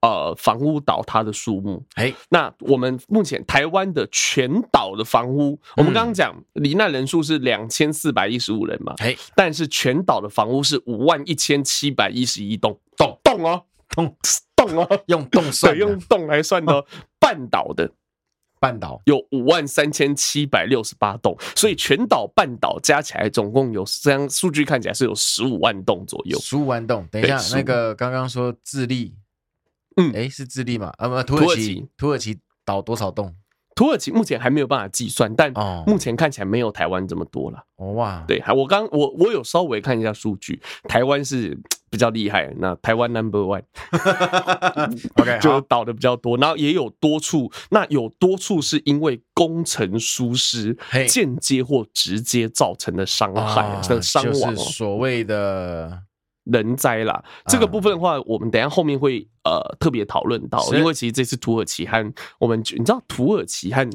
呃，房屋倒塌的數目，誒，那我們目前台灣的全島的房屋，我們剛剛講罹難人數是兩千四百一十五人嘛，哎，但是全島的房屋是五萬一千七百一十一棟，棟棟哦，棟棟哦，用棟算，對，用棟來算的。半島的半島有五萬三千七百六十八棟，所以全島半島加起來總共有三，數據看起來是有十五萬棟左右，十五萬棟。等一下，那個剛剛說智利。嗯，誒，是智利嘛？啊，不，土耳其，土耳其倒多少棟？土耳其目前還沒有辦法計算，但目前看起來沒有台灣這麼多了。哦、哇，對，還我剛我我有稍微看一下數據，台灣是比較厲害，那台灣 number one，OK， (laughs) (laughs) 就倒的比較多，然後也有多處，那有多處是因為工程疏失嘿間接或直接造成的傷害的、哦、傷亡、哦，就是所謂的。人災啦，這個部分的話，我們等下後面會呃特別討論到，因為其實這次土耳其和我們，你知道土耳其和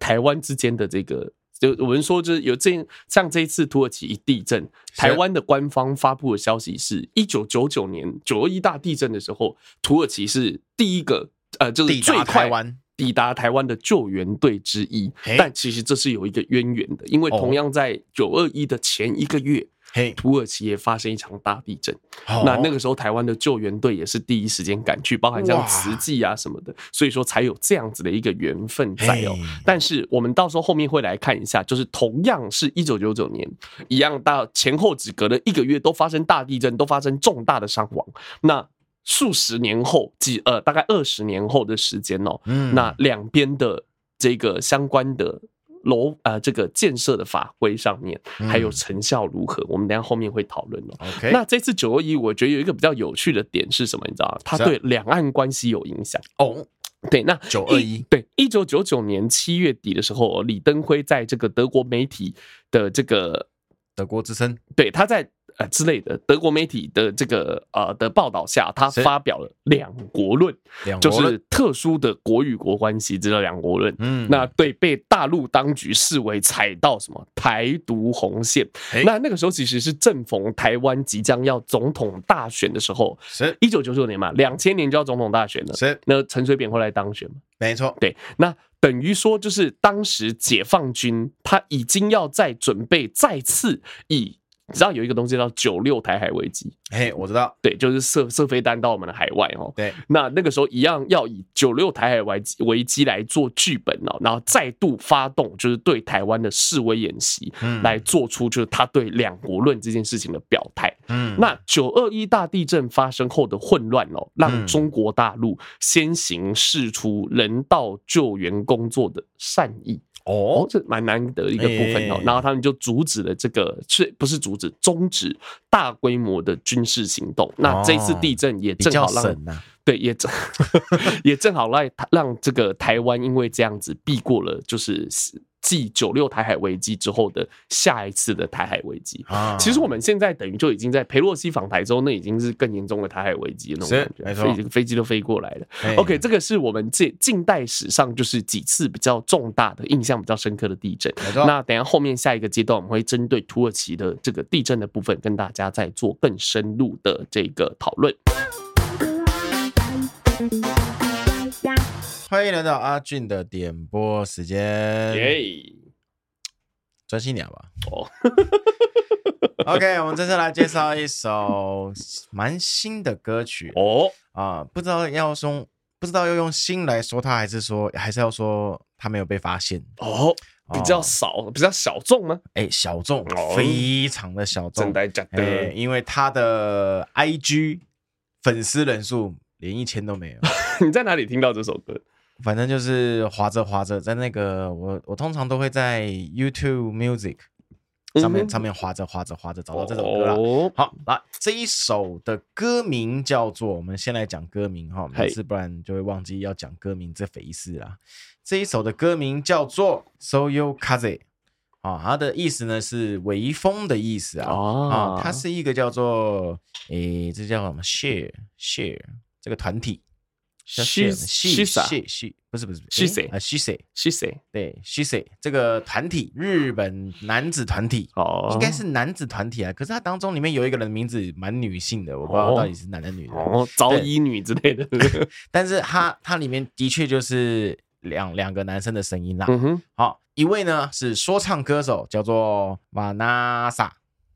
台灣之間的這個，就我們說就是有這像這一次土耳其一地震，台灣的官方發布的消息是，一九九九年九二一大地震的時候，土耳其是第一個呃就是最快台灣抵達台灣的救援隊之一，但其實這是有一個淵源的，因為同樣在九二一的前一個月。Hey. 土耳其也發生一場大地震，oh. 那那個時候台灣的救援隊也是第一時間趕去，包含像慈濟啊什麼的，Wow. 所以說才有這樣子的一個緣分在哦、喔。Hey. 但是我們到時候後面會來看一下，就是同樣是一九九九年一樣到前後只隔了一個月都發生大地震，都發生重大的傷亡。那數十年後，幾呃大概二十年後的時間哦、喔，mm. 那兩邊的這個相關的。樓呃，這個建設的法規上面還有成效如何？嗯、我們等下後面會討論的。Okay, 那這次九二一，我覺得有一個比較有趣的點是什麼？你知道嗎？它對兩岸關係有影響哦。對，那九二一對一九九九年七月底的時候，李登輝在這個德國媒體的這個德國之聲，對，他在。呃之類的，德國媒體的這個呃的報道下，他發表了兩國論《兩國論》，就是特殊的國與國關係，叫做《兩國論》。嗯，那對被大陸當局視為踩到什麼台獨紅線。嘿那那個時候其實是正逢台灣即將要總統大選的時候，是。一九九九年嘛，兩千年就要總統大選了。是。那陳水扁會來當選嘛？沒錯錯，對。那等於說，就是當時解放軍他已經要在準備再次以。知道有一個東西叫九六台海危機，哎，我知道，對，就是射射飛彈到我們的海外哦。對，那那個時候一樣要以九六台海危機危機來做劇本哦，然後再度發動就是對台灣的示威演習，來做出就是他對兩國論這件事情的表態。嗯，那九二一大地震發生後的混亂哦，讓中國大陸先行釋出人道救援工作的善意。哦，哦，這蠻難得的一個部分哦。欸欸，然後他們就阻止了這個，不是阻止，終止大規模的軍事行動。哦、那這次地震也正好讓，啊、對，也正 (laughs) 也正好讓讓這個台灣因為這樣子避過了，就是。繼九六台海危機之後的下一次的台海危機，其實我們現在等於就已經在裴洛西訪台州。那已經是更嚴重的台海危機的那種感覺，所以飛機都飛過來了、OK。沒錯 OK，這個是我們這近代史上就是幾次比較重大的、印象比較深刻的地震。那等下後面下一個階段，我們會針對土耳其的這個地震的部分，跟大家再做更深入的這個討論。歡迎來到阿俊的點播時間。專 Yeah 心點吧。哦。Oh. (laughs) OK，我們這次來介紹一首蠻新的歌曲、啊。哦、oh. 呃。啊，不知道要說不知道要用心來說它，還是說還是要說它沒有被發現？哦、oh, 呃。比較少，比較小眾嗎？哎、欸，小眾，非常的小眾。真的假的？因為他的 IG 粉絲人數連一千都沒有。 (laughs) 你在哪裡聽到這首歌？反正就是滑着滑着，在那個我我通常都會在 YouTube Music 上面、嗯、上面滑着滑着滑着找到這首歌啦。哦、好，來，這一首的歌名叫做，我們先來講歌名哈，每次不然就會忘記要講歌名這回事啦。嘿這一首的歌名叫做 Soyokaze 啊，它的意思呢是微風的意思啊，啊、哦，它是一個叫做誒、欸，這叫什麼 Share Share 這個團體。SHISE SHISE 不是不是 SHISE 啊 SHISE SHISE，對 SHISE 這個團體，日本男子團體哦，應該是男子團體啊。可是它當中裡面有一個人的名字蠻女性的，我不知道到底是男的女的，哦，早乙女之類的。但是它它裡面的確就是兩兩個男生的聲音啦。嗯哼，好，一位呢是說唱歌手叫做 Vanessa，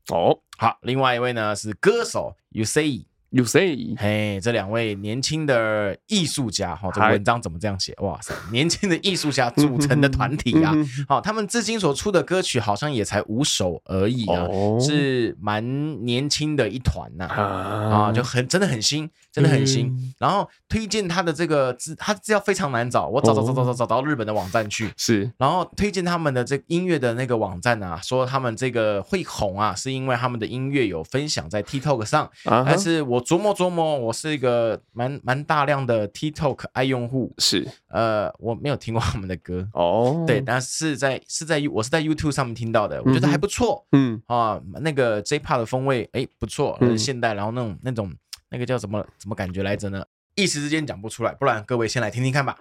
哦，好，另外一位呢是歌手 Yusei。S you、say. s h e 嘿，這兩位年輕的藝術家哈 Hi.、哦，這文章怎麼這樣寫？哇塞，年輕的藝術家組成的團體呀、啊，好， (laughs) 他們至今所出的歌曲好像也才五首而已啊，oh. 是蠻年輕的一團吶、啊，uh. 啊，就很真的很新，真的很新。Um. 然後推薦他的這個資，他資料非常難找，我找找找找找找到、oh. 日本的網站去，是。然後推薦他們的這音樂的那個網站啊，說他們這個會紅啊，是因為他們的音樂有分享在 TikTok、ok、上，uh huh. 但是我。我琢磨琢磨，我是一個蠻蠻大量的 TikTok 愛用戶，是呃，我沒有聽過他們的歌哦，對，但是在是在我是在 YouTube 上面聽到的，嗯、哼我覺得還不錯，嗯啊，那個 J Pop 的風味，哎、欸，不錯，很現代，嗯、然後那種那種那個叫什麼什麼感覺來着呢？一時之間講不出來，不然各位先來聽聽看吧。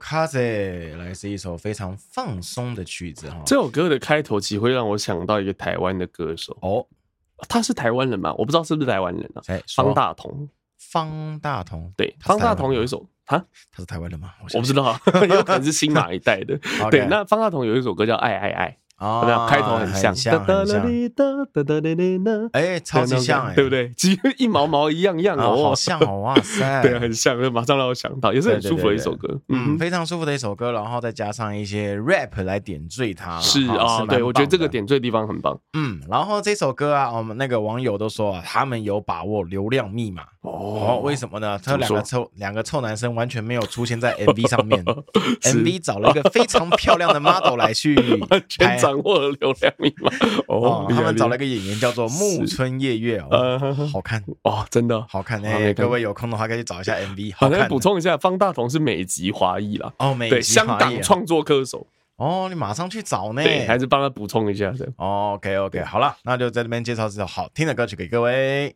c r 來自一首非常放鬆的曲子哈，這首歌的開頭只會讓我想到一個台灣的歌手哦，他是台灣人嗎？我不知道是不是台灣人啊，誰方大同，方大同，對，方大同有一首啊，哈他是台灣人嗎？我,我不知道、啊，可能是新馬一帶的， (laughs) Okay. 對，那方大同有一首歌叫愛愛愛。啊，哦、開頭很像，啊、很像很像哎，超級像、欸對那個，對不對？幾乎一毛毛一樣樣哦，好像好哇塞，對，很像，就馬上讓我想到，也是很舒服的一首歌，對對對對嗯，嗯非常舒服的一首歌，然後再加上一些 rap 來點綴它，是啊，喔、是對我覺得這個點綴的地方很棒，嗯，然後這首歌啊，我們那個網友都說，啊，他們有把握流量密碼。哦，為什麼呢？他有兩個臭兩個臭男生完全沒有出現在 MV 上面，MV 找了一個非常漂亮的 model 來去，全掌握了流量密碼。哦，他們找了一個演員叫做木村葉月哦，好看哦，真的好看。各位有空的話，可以去找一下 MV。好，再補充一下，方大同是美籍華裔啦哦，美籍華裔，香港創作歌手。哦，你馬上去找呢，對，還是幫他補充一下。OK OK，好了，那就在這邊介紹這首好聽的歌曲給各位。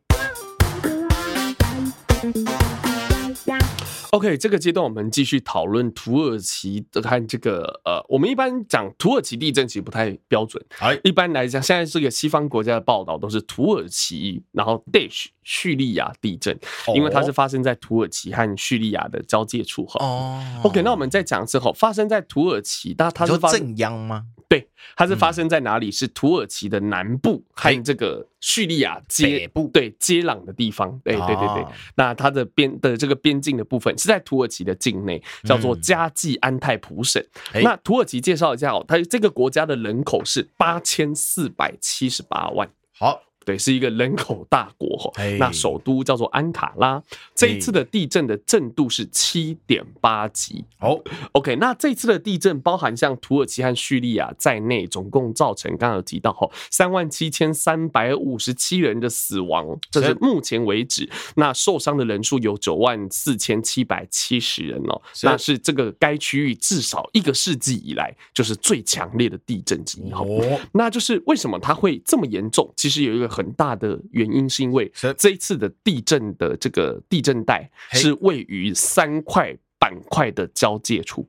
OK，這個階段我們繼續討論土耳其的和這個呃，我們一般講土耳其地震其實不太標準。哎，一般來講，現在這個西方國家的報道都是土耳其，然後 Dash 敘利亞地震，因為它是發生在土耳其和敘利亞的交界處哈。哦，OK，那我們再講之後，發生在土耳其，那它是震央嗎？對，它是發生在哪裡？嗯、是土耳其的南部，還有這個敘利亞接部，對接壤的地方。哎，啊、對對對，那它的邊的這個邊境的部分是在土耳其的境內，叫做加濟安泰普省。嗯、那土耳其介紹一下哦，它這個國家的人口是八千四百七十八萬。好。對，是一個人口大國哈、哦，hey, 那首都叫做安卡拉。Hey. 這一次的地震的震度是七點八級。好、oh.，OK。那這次的地震包含像土耳其和敘利亞在內，總共造成剛剛有提到哈，三萬七千三百五十七人的死亡，Yeah. 這是目前為止。那受傷的人數有九萬四千七百七十人哦，Yeah. 那是這個該區域至少一個世紀以來就是最強烈的地震之一。哦。Oh. (laughs) 那就是為什麼它會這麼嚴重？其實有一個。很大的原因是因為這一次的地震的這個地震帶是位於三塊板塊的交界處。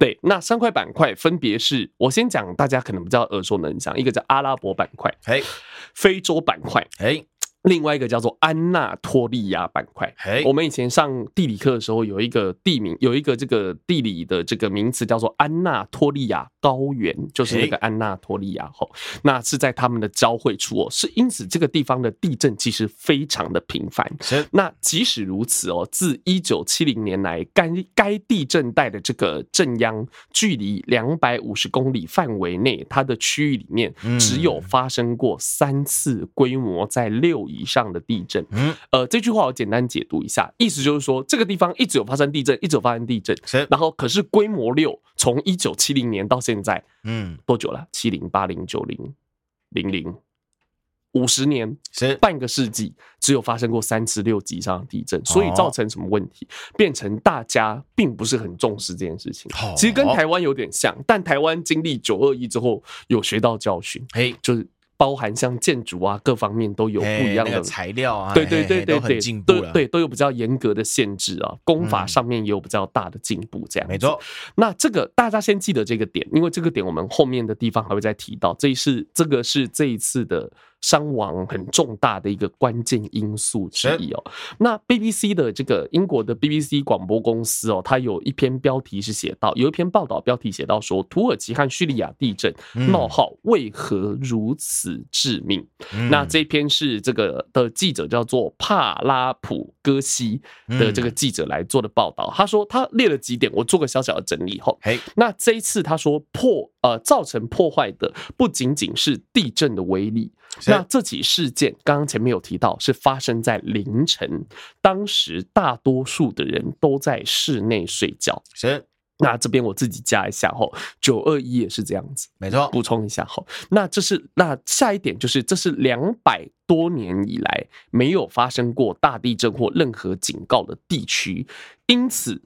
對，那三塊板塊分別是，我先講，大家可能比較耳熟能詳，一個叫阿拉伯板塊，非洲板塊，Hey. 另外一個叫做安納托利亞板塊。哎，我們以前上地理課的時候，有一個地名，有一個這個地理的這個名詞叫做安納托利亞高原，就是那個安納托利亞吼。那是在他們的交匯處哦，是因此這個地方的地震其實非常的頻繁。那即使如此哦，自一九七零年來，該該地震帶的這個震央距離兩百五十公里範圍內，它的區域裡面只有發生過三次規模在六以，以上的地震，嗯，呃，這句話我簡單解讀一下，意思就是說，這個地方一直有發生地震，一直有發生地震，是然後可是規模六，從一九七零年到現在，嗯，多久了？七零八零九零零零五十年，是半個世紀，只有發生過三次六級以上的地震，所以造成什麼問題？哦、變成大家並不是很重視這件事情。其實跟台灣有點像，哦、但台灣經歷九二一之後有學到教訓，哎嘿，就是。包含像建築啊，各方面都有不一樣的材料啊，對對對對對,對，對,對,對,對都有比較嚴格的限制啊，工法上面也有比較大的進步，這樣沒錯。那這個大家先記得這個點，因為這個點我們後面的地方還會再提到，這是這個是這一次的。傷亡很重大的一個關鍵因素之一哦、喔。那 BBC 的這個英國的 BBC 廣播公司哦，它有一篇標題是寫到，有一篇報道標題寫到說，土耳其和敘利亞地震，冒號為何如此致命？那這一篇是這個的記者叫做帕拉普戈西的這個記者來做的報道他說，他列了幾點，我做個小小的整理哦。嘿，那這一次他說，破呃造成破壞的不僅僅是地震的威力。那這起事件剛剛前面有提到，是發生在凌晨，當時大多數的人都在室內睡覺。是，那這邊我自己加一下齁，九二一也是這樣子，沒錯。補充一下齁，那這是那下一點就是，這是兩百多年以來沒有發生過大地震或任何警告的地區，因此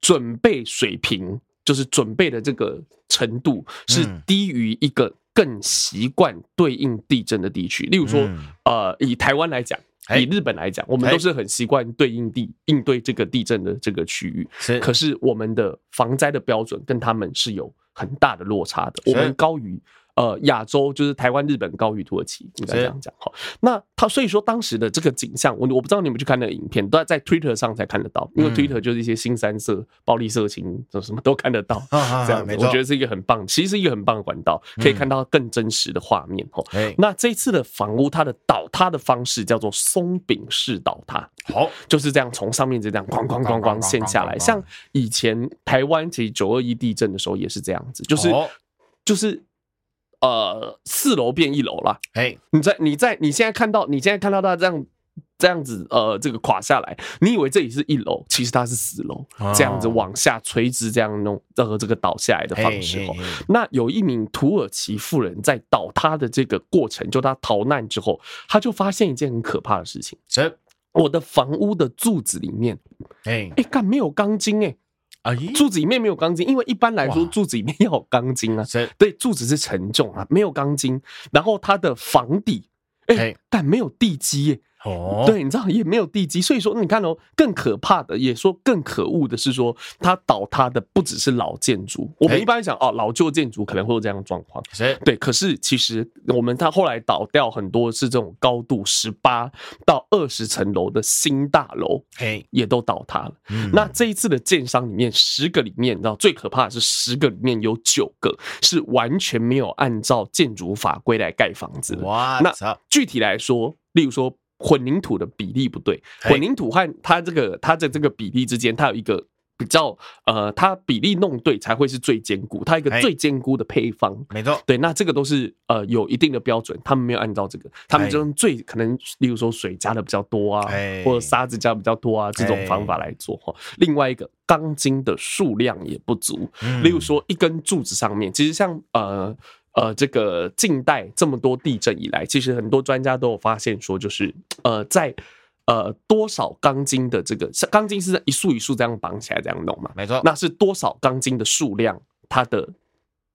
準備水平就是準備的這個程度是低於一個。更習慣對應地震的地區，例如說，嗯、呃，以台灣來講，嘿以日本來講，我們都是很習慣對應地應對這個地震的這個區域。是，可是我們的防災的標準跟他們是有很大的落差的，我們高於。呃，亞洲就是台灣、日本高於土耳其，你應該這樣講哈。是那他所以說當時的這個景象，我我不知道你們有沒有去看那個影片，都要在 Twitter 上才看得到，因為 Twitter 就是一些腥羶色、嗯、暴力、色情，什麼都看得到。這樣啊啊啊沒錯。我覺得是一個很棒，其實是一個很棒的管道，可以看到更真實的畫面。嗯、嘿那這次的房屋它的倒塌的方式叫做鬆餅式倒塌，好，就是這樣從上面就這樣咣咣咣咣陷下來，嗯嗯嗯嗯、像以前台灣其實九二一地震的時候也是這樣子，就是、哦、就是。呃，四樓變一樓了。哎，Hey. 你在，你在，你現在看到，你現在看到它這樣，這樣子，呃，這個垮下來，你以為這裡是一樓，其實它是四樓，oh. 這樣子往下垂直這樣弄，和、呃、這個倒下來的方式。哦，hey, hey , hey. 那有一名土耳其婦人在倒塌的這個過程，就他逃難之後，他就發現一件很可怕的事情。是我的房屋的柱子裡面，哎 Hey.、欸，一看沒有鋼筋、欸，哎。柱子裡面沒有鋼筋，因為一般來說哇柱子裡面要有鋼筋啊。對，柱子是承重啊，沒有鋼筋。然後它的房底，哎、欸，欸，但沒有地基，欸。哦，對，你知道也沒有地基，所以說你看哦，更可怕的，也說更可惡的是說，它倒塌的不只是老建築，我們一般想哦，老舊建築可能會有這樣的狀況，對，可是其實我們它後來倒掉很多是這種高度十八到二十層樓的新大樓，哎，也都倒塌了。那這一次的建商裡面十個裡面，你知道最可怕的是十個裡面有九個是完全沒有按照建築法規來蓋房子的。哇，那具體來說，例如說。混凝土的比例不對，混凝土和它這個它的這個比例之間，它有一個比較，呃，它比例弄對才會是最堅固，它一個最堅固的配方，沒錯。對，那這個都是呃有一定的標準，他們沒有按照這個，他們就用最、哎、可能，例如說水加的比較多啊，哎、或者沙子加的比較多啊，這種方法來做哈。哎、另外一個鋼筋的數量也不足，例如說一根柱子上面，其實像呃。呃，這個近代這麼多地震以來，其實很多專家都有發現說，就是呃，在呃多少鋼筋的這個鋼筋是在一束一束這樣綁起來這樣弄嘛，沒錯，那是多少鋼筋的數量，它的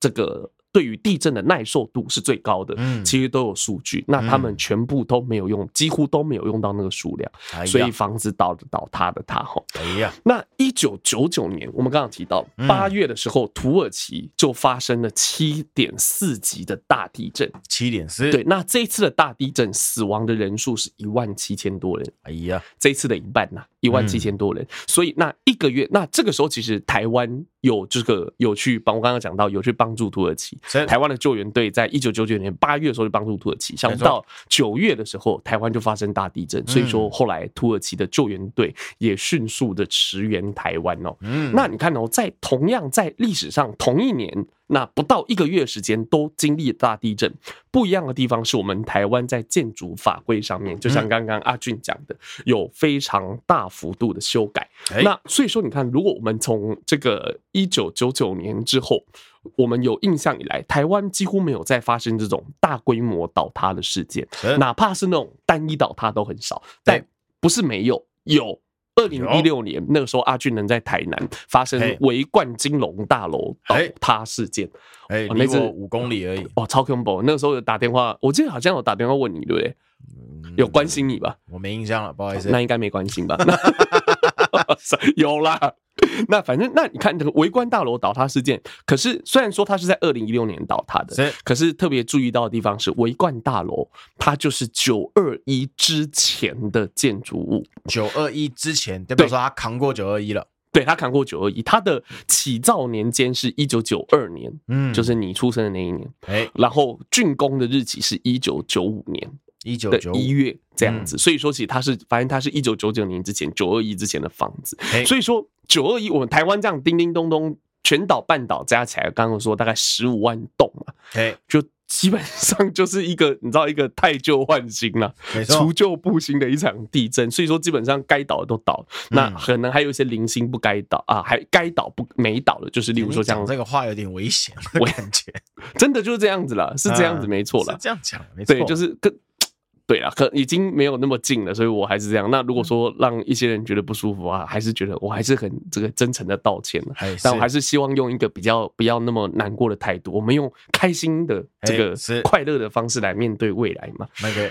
這個。對於地震的耐受度是最高的，嗯，其實都有數據，嗯、那他們全部都沒有用，幾乎都沒有用到那個數量，哎、呀所以房子倒的倒塌的塌哈。哎呀，那一九九九年，我們剛剛提到八月的時候，嗯、土耳其就發生了七點四級的大地震，七點四對。那這一次的大地震，死亡的人數是一萬七千多人。哎呀，這一次的一半吶、啊，一萬七千多人。嗯、所以那一個月，那這個時候其實台灣有這個有去幫，我剛剛講到有去幫助土耳其。台灣的救援隊在一九九九年八月的時候就幫助土耳其，想不到九月的時候台灣就發生大地震，所以說後來土耳其的救援隊也迅速的馳援台灣哦。嗯，那你看哦，喔，在同樣在歷史上同一年。那不到一個月時間都經歷大地震，不一樣的地方是我們台灣在建築法規上面，就像剛剛阿俊講的，有非常大幅度的修改。那所以說，你看，如果我們從這個一九九九年之後，我們有印象以來，台灣幾乎沒有再發生這種大規模倒塌的事件，哪怕是那種單一倒塌都很少。但不是沒有，有。二零一六年那個時候，阿俊人在台南發生維冠金龍大樓倒塌事件。哎、欸，離我五公里而已，哦，超恐怖！那個時候有打電話，我記得好像有打電話問你，對不對？嗯、有關心你吧？我沒印象了，不好意思，哦、那應該沒關心吧？ (laughs) (laughs) 有啦， (laughs) 那反正那你看這個維冠大樓倒塌事件，可是雖然說它是在二零一六年倒塌的，是可是特別注意到的地方是維冠大樓，它就是九二一之前的建築物。九二一之前，對，比如說他扛過九二一了，對，他扛過九二一，他的起造年間是一九九二年，嗯，就是你出生的那一年，哎、欸，然後竣工的日期是一九九五年。一九九五的一月這樣子，嗯、所以說其實他是發現，他是一九九九年之前，九二一之前的房子，欸、所以說九二一我們台灣這樣叮叮咚咚，全島半島加起來，剛剛說大概十五萬棟嘛，欸、就基本上就是一個你知道一個太舊換新了，沒錯，除舊布新的一場地震，所以說基本上該倒的都倒，欸、那可能還有一些零星不該倒啊，還該倒不沒倒的，就是例如說講這樣子，、欸、這個話有點危險，我感覺真的就是這樣子了，是這樣子沒錯了，這樣講沒錯，就是跟。對啊，可已經沒有那麼近了，所以我還是這樣。那如果說讓一些人覺得不舒服啊，還是覺得我還是很這個真誠的道歉。但我還是希望用一個比較不要那麼難過的態度，我們用開心的這個快樂的方式來面對未來嘛。OK，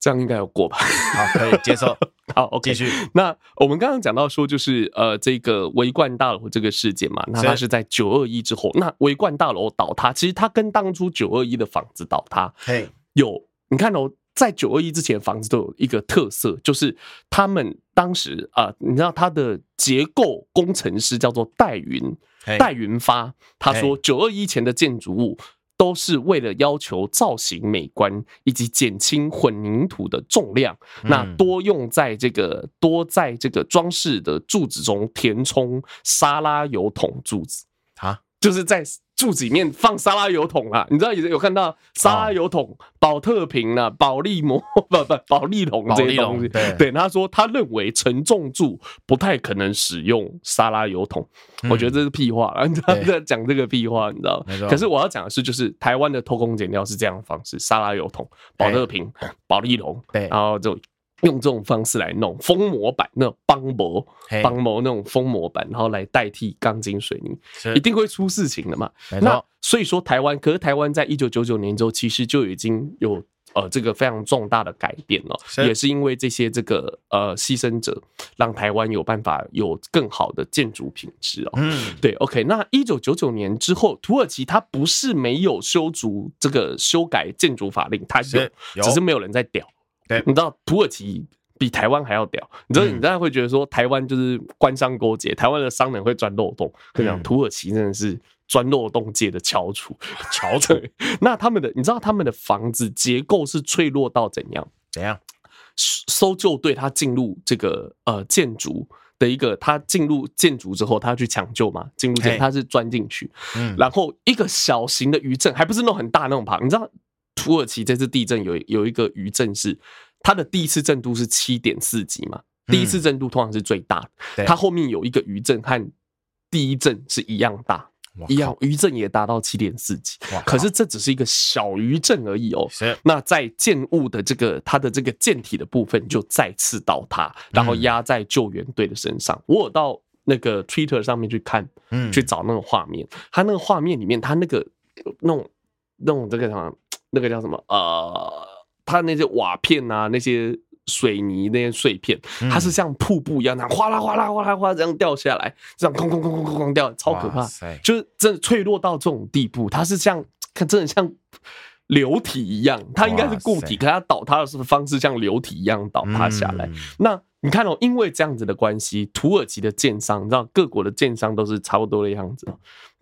這樣應該有過吧？Okay. (laughs) 好，可以接受。好，OK，繼續。那我們剛剛講到說，就是呃，這個維冠大樓這個事件嘛，那它是在九二一之後，是那維冠大樓倒塌，其實它跟當初九二一的房子倒塌，嘿，有你看嘍、哦。在九二一之前，房子都有一個特色，就是他們當時啊、呃，你知道他的結構工程師叫做戴雲，戴雲發，他說九二一前的建築物都是為了要求造型美觀，以及減輕混凝土的重量，那多用在這個多在這個裝飾的柱子中填充沙拉油桶柱子啊，就是在。柱子裡面放沙拉油桶啊，你知道有有看到沙拉油桶，哦、保特瓶啊，保麗膜不不保麗龍這些東西。對，他說他認為承重柱不太可能使用沙拉油桶，嗯、我覺得這是屁話了。他在講這個屁話，你知道？對 沒錯 可是我要講的是，就是台灣的偷工減料是這樣的方式：沙拉油桶、保特瓶、保麗龍，對 然後就。用這種方式來弄封模板，那邦模邦模那種封模板，然後來代替鋼筋水泥，是一定會出事情的嘛。錯那所以說台灣，可是台灣在一九九九年之後，其實就已經有呃這個非常重大的改變了、喔，是也是因為這些這個呃犧牲者，讓台灣有辦法有更好的建築品質哦、喔。嗯、對，OK。那一九九九年之後，土耳其它不是沒有修足這個修改建築法令，它有，只是沒有人在屌。對你知道土耳其比台灣還要屌？你知道你大家會覺得說台灣就是官商勾結，嗯、台灣的商人會鑽漏洞。可以講土耳其真的是鑽漏洞界的翹楚，翹楚。那他們的，你知道他們的房子結構是脆弱到怎樣？怎樣？搜救隊他進入這個呃建築的一個，他進入建築之後，他去搶救嘛？進入他是鑽進去，嗯、然後一個小型的餘震，還不是那種很大那種龐，你知道？土耳其這次地震有有一個餘震是，它的第一次震度是七點四級嘛？第一次震度通常是最大，它後面有一個餘震和第一震是一樣大，一樣餘震也達到七點四級，可是這只是一個小餘震而已哦、喔。那在建物的這個它的這個艦體的部分就再次倒塌，然後壓在救援隊的身上。我有到那個 Twitter 上面去看，去找那個畫面，它那個畫面裡面，它那個那種那種這個什麼。那個叫什麼？呃，它那些瓦片啊，那些水泥那些碎片，它是像瀑布一樣，那樣嘩啦嘩啦嘩啦嘩啦這樣掉下來，這樣哐哐哐哐哐哐掉，超可怕！哇塞。就是真的脆弱到這種地步，它是像看真的像流體一樣，它應該是固體，哇塞。可它倒塌的方式像流體一樣倒塌下來。嗯、那你看哦，因為這樣子的關係，土耳其的建商，你知道各國的建商都是差不多的樣子。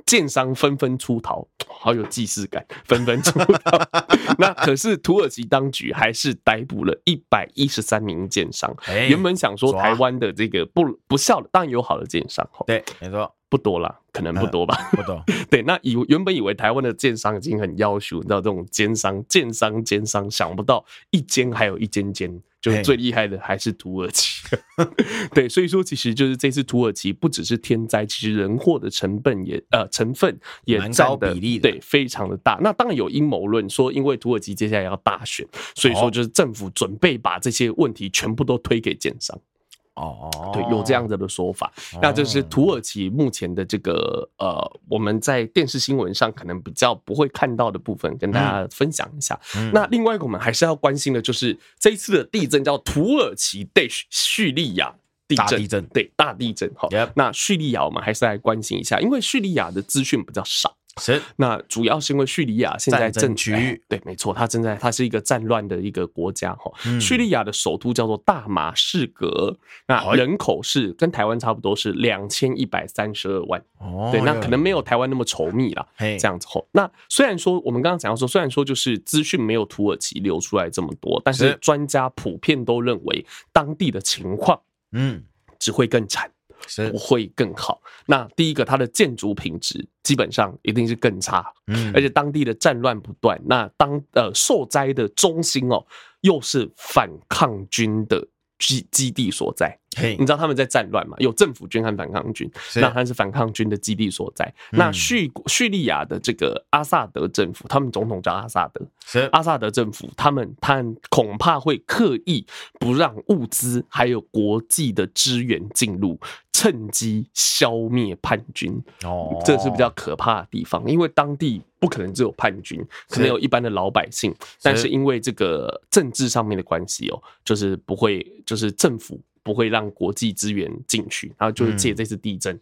建商紛紛出逃，好有既視感，紛紛出逃。 (laughs) (laughs) 那可是土耳其當局還是逮捕了一百一十三名建商。Hey, 原本想說台灣的這個不不孝，當然有好的建商， (laughs) 對，沒錯不多了，可能不多吧， (laughs) 不多 懂。 (laughs) 對，那以原本以為台灣的建商已經很要求你知道這種建商、建商、建商，想不到一間還有一間間就最厲害的還是土耳其，嘿 (laughs) 對，所以說其實就是這次土耳其不只是天災，其實人禍的成本也呃成分也佔的滿高比例，對，非常的大。那當然有陰謀論說，因為土耳其接下來要大選，所以說就是政府準備把這些問題全部都推給建商。哦哦，哦，oh, 對，有這樣子的說法，那這是土耳其目前的這個、oh. 呃，我們在電視新聞上可能比較不會看到的部分，跟大家分享一下。Oh. 那另外一個我們還是要關心的就是這一次的地震，叫土耳其敘利亞地震，大地震，對，大地震。好，Yep. 那敘利亞我們還是來關心一下，因為敘利亞的資訊比較少。是，那主要是因為敘利亞現在政局、哎、對，沒錯，它正在它是一個戰亂的一個國家吼，嗯、敘利亞的首都叫做大馬士革，那人口是跟台灣差不多是兩千一百三十二萬哦。對，那可能沒有台灣那麼稠密啦。哦、這樣子吼。嘿那雖然說我們剛剛講到說，雖然說就是資訊沒有土耳其流出來這麼多，但是專家普遍都認為當地的情況，嗯，只會更慘。嗯是不會更好。那第一個，它的建築品質基本上一定是更差，嗯、而且當地的戰亂不斷。那當呃，受災的中心哦，又是反抗軍的基基地所在。嘿你知道他們在戰亂嗎？有政府軍和反抗軍，是那它是反抗軍的基地所在。嗯、那敘敘利亞的這個阿薩德政府，他們總統叫阿薩德，是阿薩德政府，他們他恐怕會刻意不讓物資還有國際的資源進入。趁機消滅叛軍，oh. 這是比較可怕的地方，因為當地不可能只有叛軍，可能有一般的老百姓，是但是因為這個政治上面的關係哦，是就是不會，就是政府不會讓國際資源進去，然後就是借這次地震，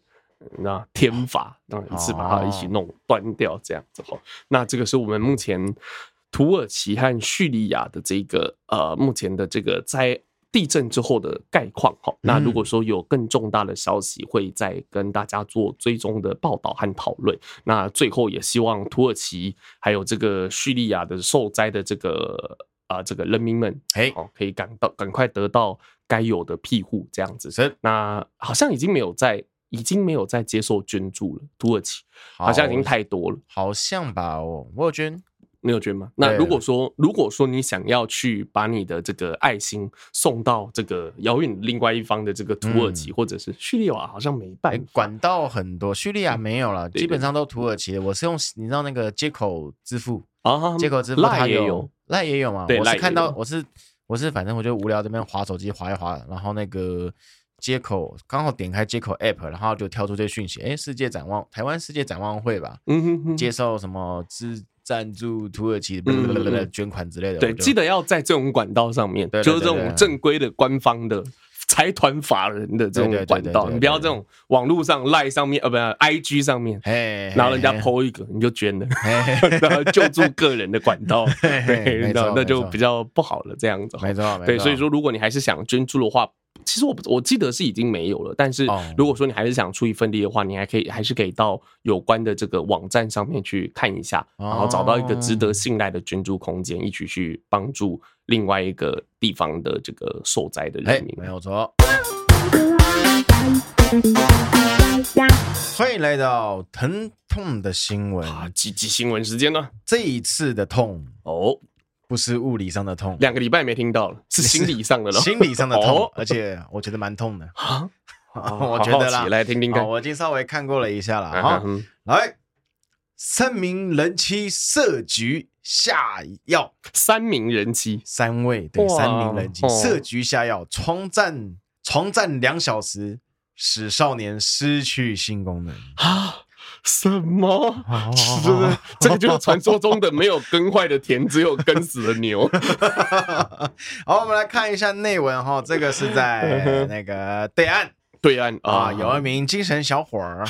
那、嗯、天罰，那一次把它一起弄斷、oh. 掉，這樣子吼，那這個是我們目前土耳其和敘利亞的這個呃，目前的這個災。地震之後的概況，嗯、那如果說有更重大的消息，會再跟大家做追蹤的報道和討論。那最後也希望土耳其還有這個敘利亞的受災的這個啊、呃，這個人民們，嘿哦、可以趕到，趕快得到該有的庇護，這樣子。是那好像已經沒有在，已經沒有在接受捐助了。土耳其好像已經太多了，好像吧、哦，我我捐。你有捐嗎？那如果說，如果說你想要去把你的這個愛心送到這個遙遠另外一方的這個土耳其，或者是敘利亞，好像沒辦法，管道很多，敘利亞沒有了，基本上都土耳其的。我是用你知道那個街口支付啊，街口支付也有，那也有嘛。我是看到我是我是反正我就無聊這邊滑手機滑一滑，然後那個街口剛好點開街口 app，然後就跳出這訊息，哎，世界展望台灣世界展望會吧，嗯哼，接受什麼資。贊助土耳其，捐款之類的，對，記得要在這種管道上面，就是這種正規的、官方的、財團法人的這種管道，你不要這種網絡上賴上面，呃，不是 IG 上面，然後人家 PO 一個你就捐了，然後救助個人的管道，對，那就比較不好了，這樣子，沒錯，對，所以說如果你還是想捐助的話。其實我我記得是已經沒有了，但是如果說你還是想出一份力的話，oh. 你還可以還是可以到有關的這個網站上面去看一下，oh. 然後找到一個值得信賴的捐助空間，一起去幫助另外一個地方的這個受災的人民。Hey, 沒有錯，歡迎來到疼痛的新聞啊，雞雞新聞時間呢？這一次的痛哦。Oh. 不是物理上的痛，兩個禮拜沒聽到了，是，是心理上的心理上的痛，哦、而且我覺得蠻痛的啊蛤、哦。我覺得啦，好好來聽聽看、哦。我已經稍微看過了一下了。好，來三名人妻設局下藥，三名人妻，三位對三名人妻設哇局下藥，床戰床戰兩小時，使少年失去性功能。什麼、哦？這個就是傳說中的沒有耕壞的田，哦、只有耕死的牛。好，我們來看一下內文哈、哦，這個是在那個對岸，嗯、對岸、哦、啊，有一名精神小夥兒，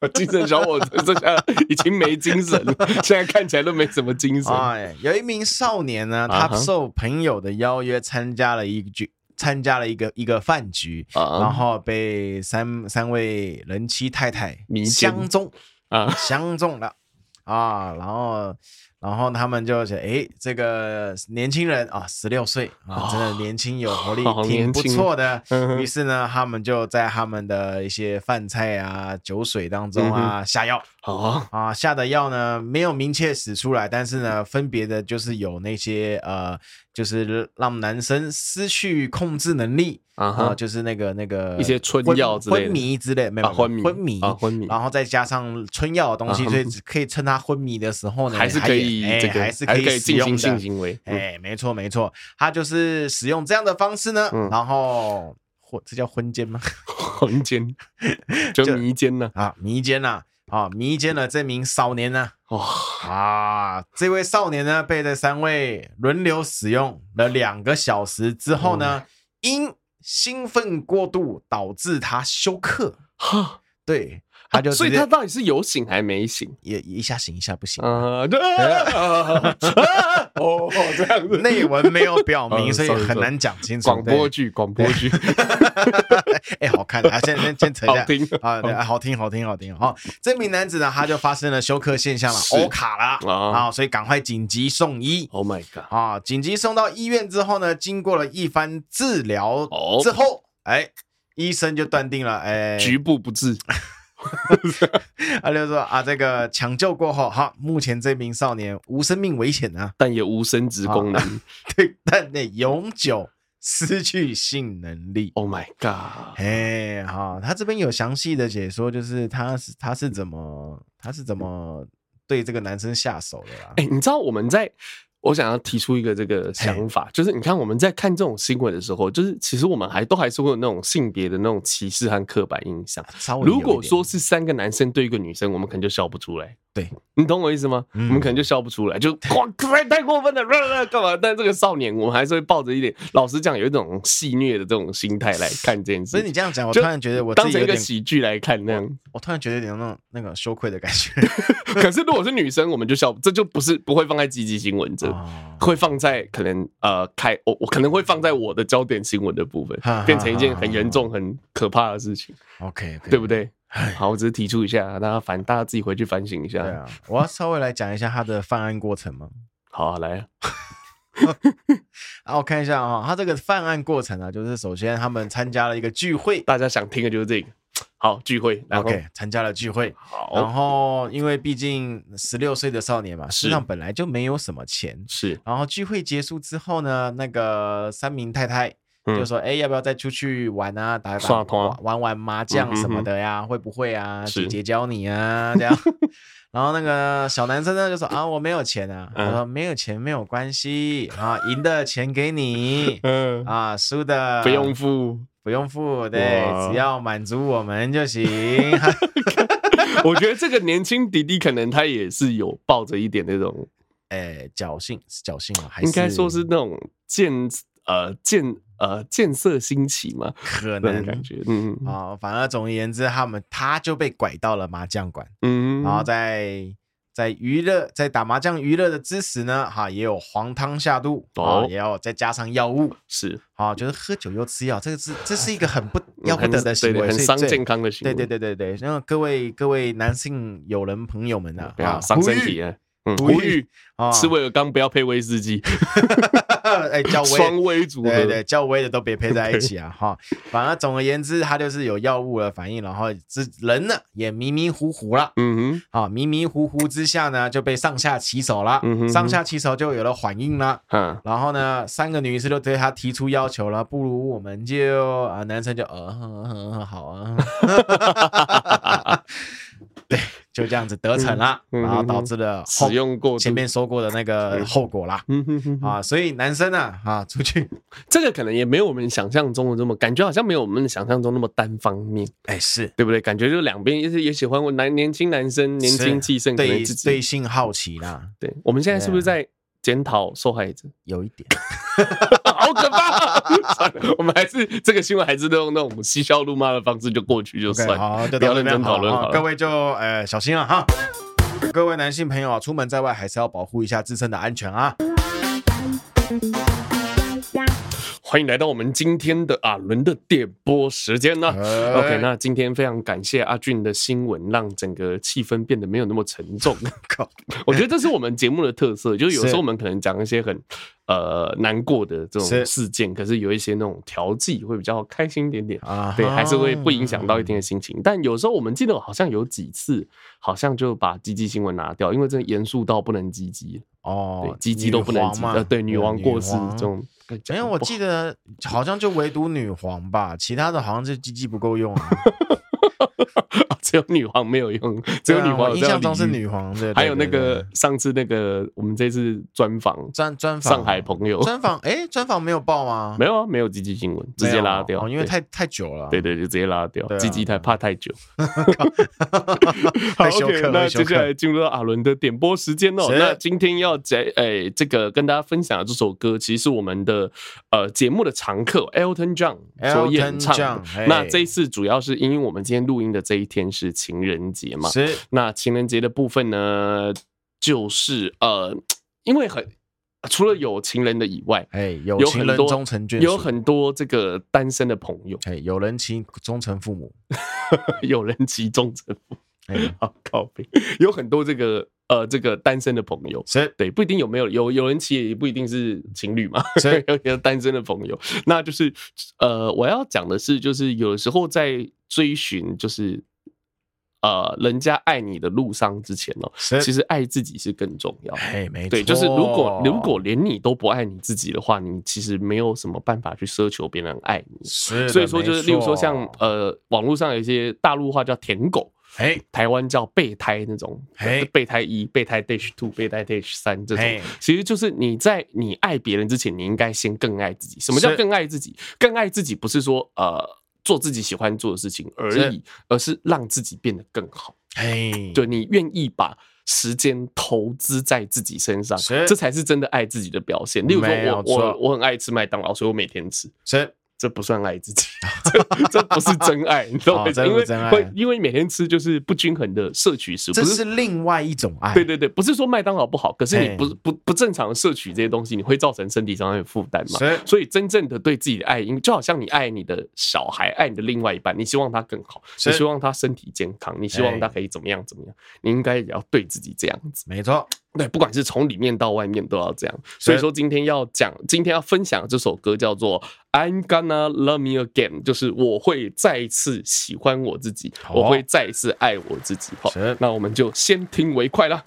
哦、精神小夥子，這下、嗯啊、已經沒精神，哈哈，現在看起來都沒什麼精神、啊。有一名少年呢，他受朋友的邀約參加了一局。嗯嗯參加了一個一個飯局，uh, 然後被三三位人妻太太相中啊，uh, 相中了啊，然後然後他們就說：“哎、欸，這個年輕人啊，十六歲啊，真的年輕有活力，哦、好挺不錯的。嗯哼”於是呢，他們就在他們的一些飯菜啊、酒水當中啊下藥啊啊，下的藥呢沒有明確使出來，但是呢，分別的就是有那些呃。就是讓男生失去控制能力啊，就是那個那個一些春藥之類、昏迷之類，沒有昏迷，昏迷啊昏迷，然後再加上春藥的東西，所以可以趁他昏迷的時候呢，還是可以，還是可以進行性行為，哎，沒錯沒錯，他就是使用這樣的方式呢，然後，這叫昏姦嗎？昏姦，就迷姦了啊，迷姦啊。啊！迷奸了這名少年呢？哦，啊！這位少年呢，被這三位輪流使用了兩個小時之後呢，因興奮過度導致他休克。哈，對。他就，所以他到底是有醒還沒醒，也一下醒一下不行。啊，哦，這樣子，內文沒有表明，所以很難講清楚。廣播劇，廣播劇。哎，好看啊！先先先一下，啊，好聽，好聽，好聽啊！這名男子呢，他就發生了休克現象了，哦，卡了啊，所以趕快緊急送醫。Oh my God！啊，緊急送到醫院之後呢，經過了一番治療之後，哎，醫生就斷定了，哎，局部不治。阿六、 (laughs) 啊、說：“啊，這個搶救過後，哈，目前這名少年無生命危險呢、啊，但也無生殖功能，哦、對，但那永久失去性能力。Oh my god！哎，哈、hey,，他這邊有詳細的解說，就是他是，他是怎麼，他是怎麼對這個男生下手的啦？哎、欸，你知道我們在。”我想要提出一個這個想法，就是你看我們在看這種新聞的時候，就是其實我們還都還是會有那種性別的那種歧視和刻板印象。如果說是三個男生對一個女生，我們可能就笑不出來。對你懂我意思嗎？嗯、我們可能就笑不出來，就對哇，太太過分了，幹嘛？但這個少年，我們還是會抱着一點老實講，有一種戲謔的這種心態來看這件事情。所以你這樣講，我突然覺得我當成一個喜劇來看那樣我，我突然覺得有點那種那個羞愧的感覺。 (laughs) 可是如果是女生，我們就笑，這就不是不會放在雞雞新聞這，哦、會放在可能呃開，我、哦、我可能會放在我的焦點新聞的部分，變成一件很嚴重、很可怕的事情。OK, okay. 對不對？好，我只是提出一下，大家反大家自己回去反省一下。對啊，我要稍微來講一下他的犯案過程嘛。 (laughs) 好、啊，來、啊，然 (laughs) 後、 (laughs) 啊、看一下啊、哦，他這個犯案過程啊，就是首先他們參加了一個聚會，大家想聽的就是這個。好，聚會，OK 參加了聚會，好然後因為畢竟十六歲的少年嘛，是身上本來就沒有什麼錢，是。然後聚會結束之後呢，那個三名太太。就說哎、欸，要不要再出去玩啊？打打瓜玩玩麻將什麼的呀？嗯嗯嗯，會不會啊？姐姐是教你啊？這樣。然後那個小男生呢，就說啊，我沒有錢啊。嗯、說沒有錢沒有關係啊，贏的錢給你，嗯啊，輸的不用付、嗯，不，不用付，對，哇只要滿足我們就行。 (laughs) (laughs) 我覺得這個年輕弟弟可能他也是有抱着一點那種，哎、欸，僥幸，僥幸啊，還是應該說是那種見，呃，見。呃，見色興起嘛，可能感覺，嗯嗯，啊、哦，反而總而言之，他們他就被拐到了麻將館，嗯，然後在在娛樂，在打麻將娛樂的同時呢，哈、啊，也有黃湯下肚，哦、啊，也要再加上藥物，是，啊，就是喝酒又吃藥，這個是這是一個很不唉要不得的行為，很，對對很傷健康的行為對，對對對對對，然後各位各位男性友人朋友們啊，嗯、啊傷身體。嗯、不遇啊，赤了爾剛不要配威士忌。哎、哦 (laughs) 欸，叫威雙威族，對對，叫威的都別配在一起啊！哈對、哦，反正總而言之，他就是有藥物的反應，然後這人呢也迷迷糊糊了。嗯哼、哦，迷迷糊糊之下呢，就被上下其手了。嗯、哼上下其手就有了反應了。嗯哼，然後呢，三個女士就對他提出要求了，不如我們就啊，男生就呃、啊啊啊，好啊。對。就這樣子得逞了，嗯嗯嗯嗯、然後導致了使用過前面說過的那個後果啦。嗯哼哼、嗯嗯嗯、啊，所以男生呢、啊，啊，出去。這個可能也沒有我們想象中的這麼，感覺好像沒有我們想象中那麼單方面。哎、欸，是對不對？感覺就兩邊，就是也喜歡我男，年輕男生，年輕氣盛，對，對性好奇啦。對，我們現在是不是在對、啊？檢討受害者有一點， (laughs) 好可怕、啊。 (laughs) 算了，我們還是這個新聞還是都用那種嬉笑怒罵的方式就過去就算了。Okay, 好，就不要認真討論好論了。各位就、呃、小心了哈。各位男性朋友啊，出門在外還是要保護一下自身的安全啊。歡迎來到我們今天的阿倫的點播時間、啊、OK，那今天非常感謝阿俊的新聞，讓整個氣氛變得沒有那麼沉重。我覺得這是我們節目的特色，就是有時候我們可能講一些很呃難過的這種事件，可是有一些那種調劑會比較開心一點點啊。對，還是會不影響到一天的心情。但有時候我們記得好像有幾次，好像就把雞雞新聞拿掉，因為真的嚴肅到不能雞雞哦，雞雞都不能雞雞呃，對，女王過世這種。因為我記得好像就唯獨女皇吧，其他的好像這機器不夠用啊。 (laughs) 只有女皇沒有用，只有女皇，印象中是女皇，對。還有那個上次那個我們這次專訪專專訪上海朋友專訪，哎，專訪沒有報嗎？沒有啊，沒有雞雞新聞，直接拉掉。因為太太久了，對對，就直接拉掉。雞雞太怕太久，哈哈羞客。那接下來進入到阿倫的點播時間哦。那今天要講哎，這個跟大家分享的這首歌，其實是我們的呃節目的常客 Elton John 所演唱。那這一次主要是因為我們今天錄音的這一天是。是情人節嘛？是那情人節的部分呢？就是呃，因為很除了有情人的以外，哎，hey, 有情人終成眷屬有很，多有很多這個單身的朋友，哎，hey, 有人情終成父母， (laughs) 有人情終成父母，Hey. 好 (laughs) 有很多這個呃，這個單身的朋友，所是對不一定有沒有有有人情也不一定是情侶嘛，所以是 (laughs) 有，有單身的朋友，那就是呃，我要講的是，就是有的時候在追尋，就是。呃，人家愛你的路上之前，喔、是其實愛自己是更重要。對，就是如果如果連你都不愛你自己的話，你其實沒有什麼辦法去奢求別人愛你。的所以說就是，錯例如說像呃，網絡上有一些大陸話叫舔狗，嘿台灣叫備胎那種，嘿備胎一、備胎 dash two、2, 備胎 dash 三這種，嘿其實就是你在你愛別人之前，你應該先更愛自己。什麼叫更愛自己？是更愛自己不是說呃。做自己喜歡做的事情而已，而是讓自己變得更好。哎，對，你願意把時間投資在自己身上，這才是真的愛自己的表現。例如說，我我我很愛吃麥當勞，所以我每天吃。這不算愛自己，這這不是真愛，你懂嗎？ (laughs) 哦、因為會因為你每天吃就是不均衡的攝取食物，這是另外一種愛。對對對，不是說麥當勞不好，可是你不嘿不不正常攝取這些東西，你會造成身體上的負擔嘛？所以，所以真正的對自己的愛，因就好像你愛你的小孩，愛你的另外一半，你希望他更好，以你希望他身體健康，你希望他可以怎麼樣怎麼樣，嘿你應該也要對自己這樣子，沒錯。對，不管是從裡面到外面都要這樣。所以說，今天要講，今天要分享這首歌叫做《I'm Gonna Love Me Again》，就是我會再次喜歡我自己，我會再次愛我自己。好，那我們就先聽為快啦。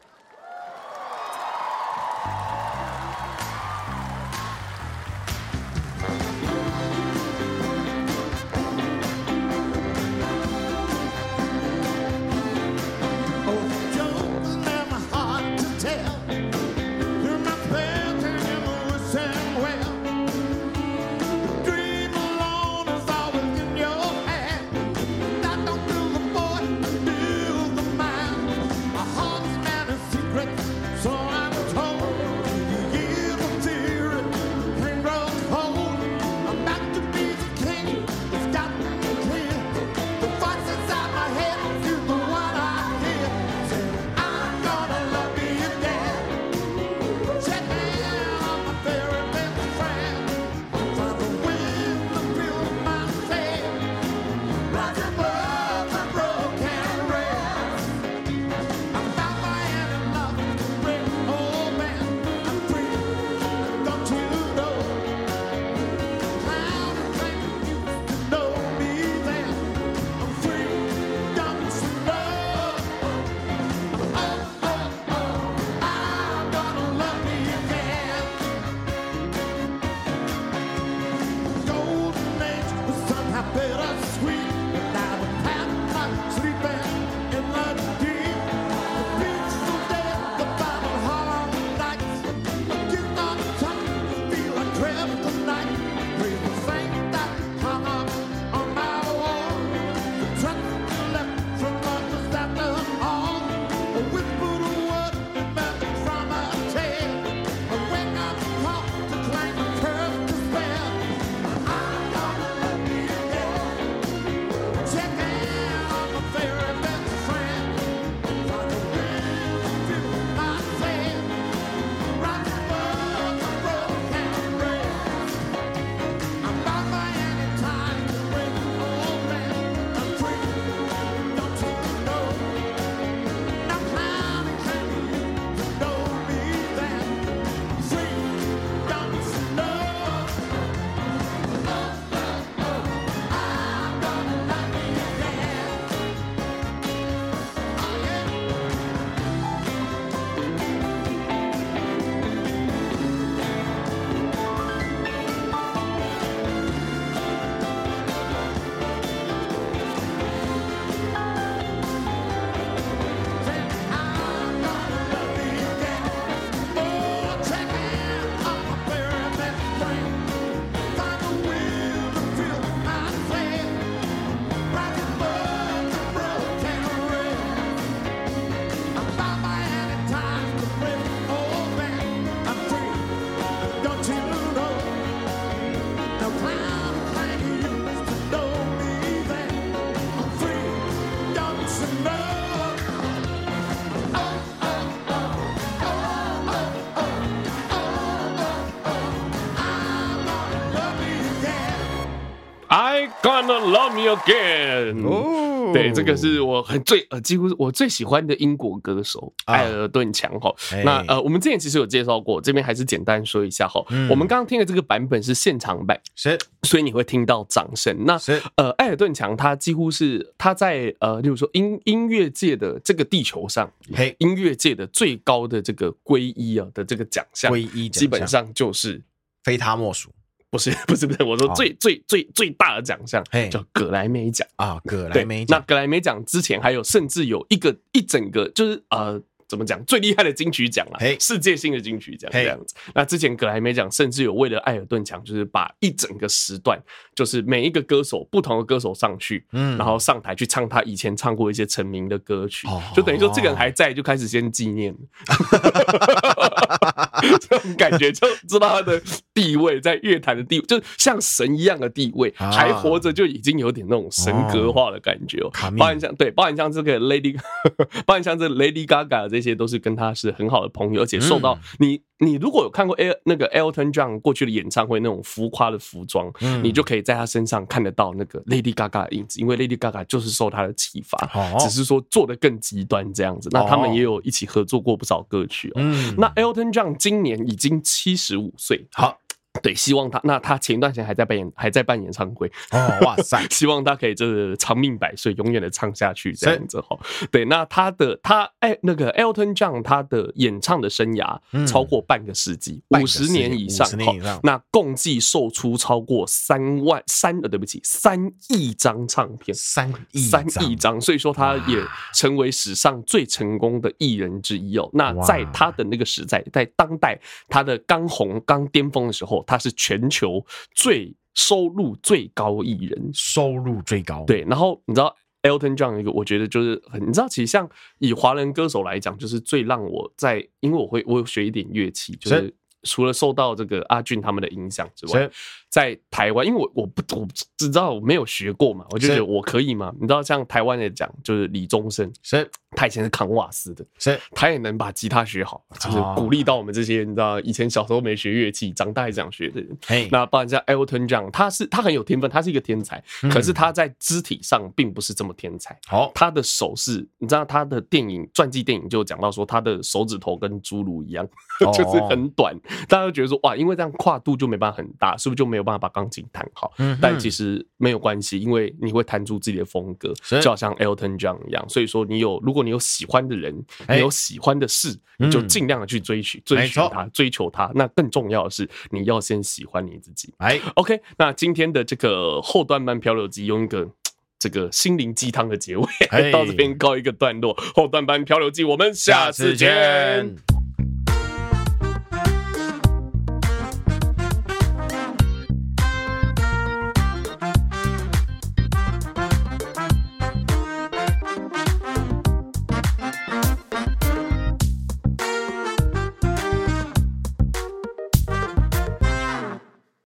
Love Me Again，嗯。對，這個是我很最呃，幾乎我最喜歡的英國歌手艾爾頓強哈。嘿那呃，我們之前其實有介紹過，這邊還是簡單說一下哈。嗯、我們剛剛聽的這個版本是現場版，是所以你會聽到掌聲。那是呃，艾爾頓強他幾乎是他在呃，例如說音音樂界的這個地球上，嘿音樂界的最高的這個歸一啊的這個獎項，歸一獎基本上就是非他莫屬。不是不是不是，我說最最最最大的獎項叫葛萊美獎啊，葛萊美獎。哦、對 那葛萊美獎之前還有，甚至有一個一整個就是呃。怎麼講？最厲害的金曲獎啊，hey, 世界性的金曲獎這樣子。Hey. 那之前葛萊美還沒講，甚至有為了艾爾頓強，就是把一整個時段，就是每一個歌手不同的歌手上去，嗯，然後上台去唱他以前唱過一些成名的歌曲，oh, oh, oh, oh. 就等於說這個人還在，就開始先紀念， (laughs) 這種感覺就知道他的地位在樂壇的地位，就像神一樣的地位，ah, 還活着就已經有點那種神格化的感覺哦。Oh, Cam 包含像對，包含像這個 Lady，包含像這 Lady Gaga。這些都是跟他是很好的朋友，而且受到你，嗯、你，你如果有看過 A il, 那個 Elton John 過去的演唱會那種浮誇的服裝，嗯、你就可以在他身上看得到那個 Lady Gaga 的影子，因為 Lady Gaga 就是受他的啟發，哦、只是說做得更極端這樣子。那他們也有一起合作過不少歌曲，哦。嗯，哦、那 Elton John 今年已經七十五歲。好。嗯對，希望他，那他前一段時間還在辦演，還在辦演唱會哦，哇塞！ (laughs) 希望他可以就是長命百歲，永遠的唱下去這樣子哈。是對，那他的他哎、欸，那個 Elton John 他的演唱的生涯超過半個世紀，五十、嗯、年以上，以上，那共計售出超過三萬三，呃、啊，對不起，三億張唱片，三億三億張，啊、所以說他也成為史上最成功的藝人之一哦。哇那在他的那個時代，在當代他的剛紅剛巔峰的時候。他是全球最收入最高藝人，收入最高。對，然後你知道 Elton John 一個，我覺得就是很，你知道，其實像以華人歌手來講，就是最讓我在，因為我會我有學一點樂器，就是除了受到這個阿俊他們的影響之外。是 在台灣，因為我我不我只知道我沒有學過嘛，我就覺得我可以嗎？是你知道像台灣人講，就是李宗盛，是，他以前是扛瓦斯的，是，他也能把吉他學好，就是鼓勵到我們這些你知道以前小時候沒學樂器，長大也這樣學的人。嘿那不然像 Elton 這樣，他是他很有天分，他是一個天才，嗯、可是他在肢體上並不是這麼天才。好、嗯，他的手是，你知道他的電影傳記電影就講到說，他的手指頭跟侏儒一樣，哦哦 (laughs) 就是很短，大家都覺得說哇，因為這樣跨度就沒辦法很大，是不是就沒有？辦法把鋼琴彈好，嗯、哼但其實沒有關係，因為你會彈出自己的風格，是就好像 Elton John 一樣。所以說，你有如果你有喜歡的人，欸、你有喜歡的事，欸、你就盡量的去追尋，嗯、追尋他，欸、追求他。那更重要的是，你要先喜歡你自己。哎、欸，OK，那今天的這個後段班漂流記用一個這個心靈雞湯的結尾，欸、到這邊告一個段落。後段班漂流記，我們下次見。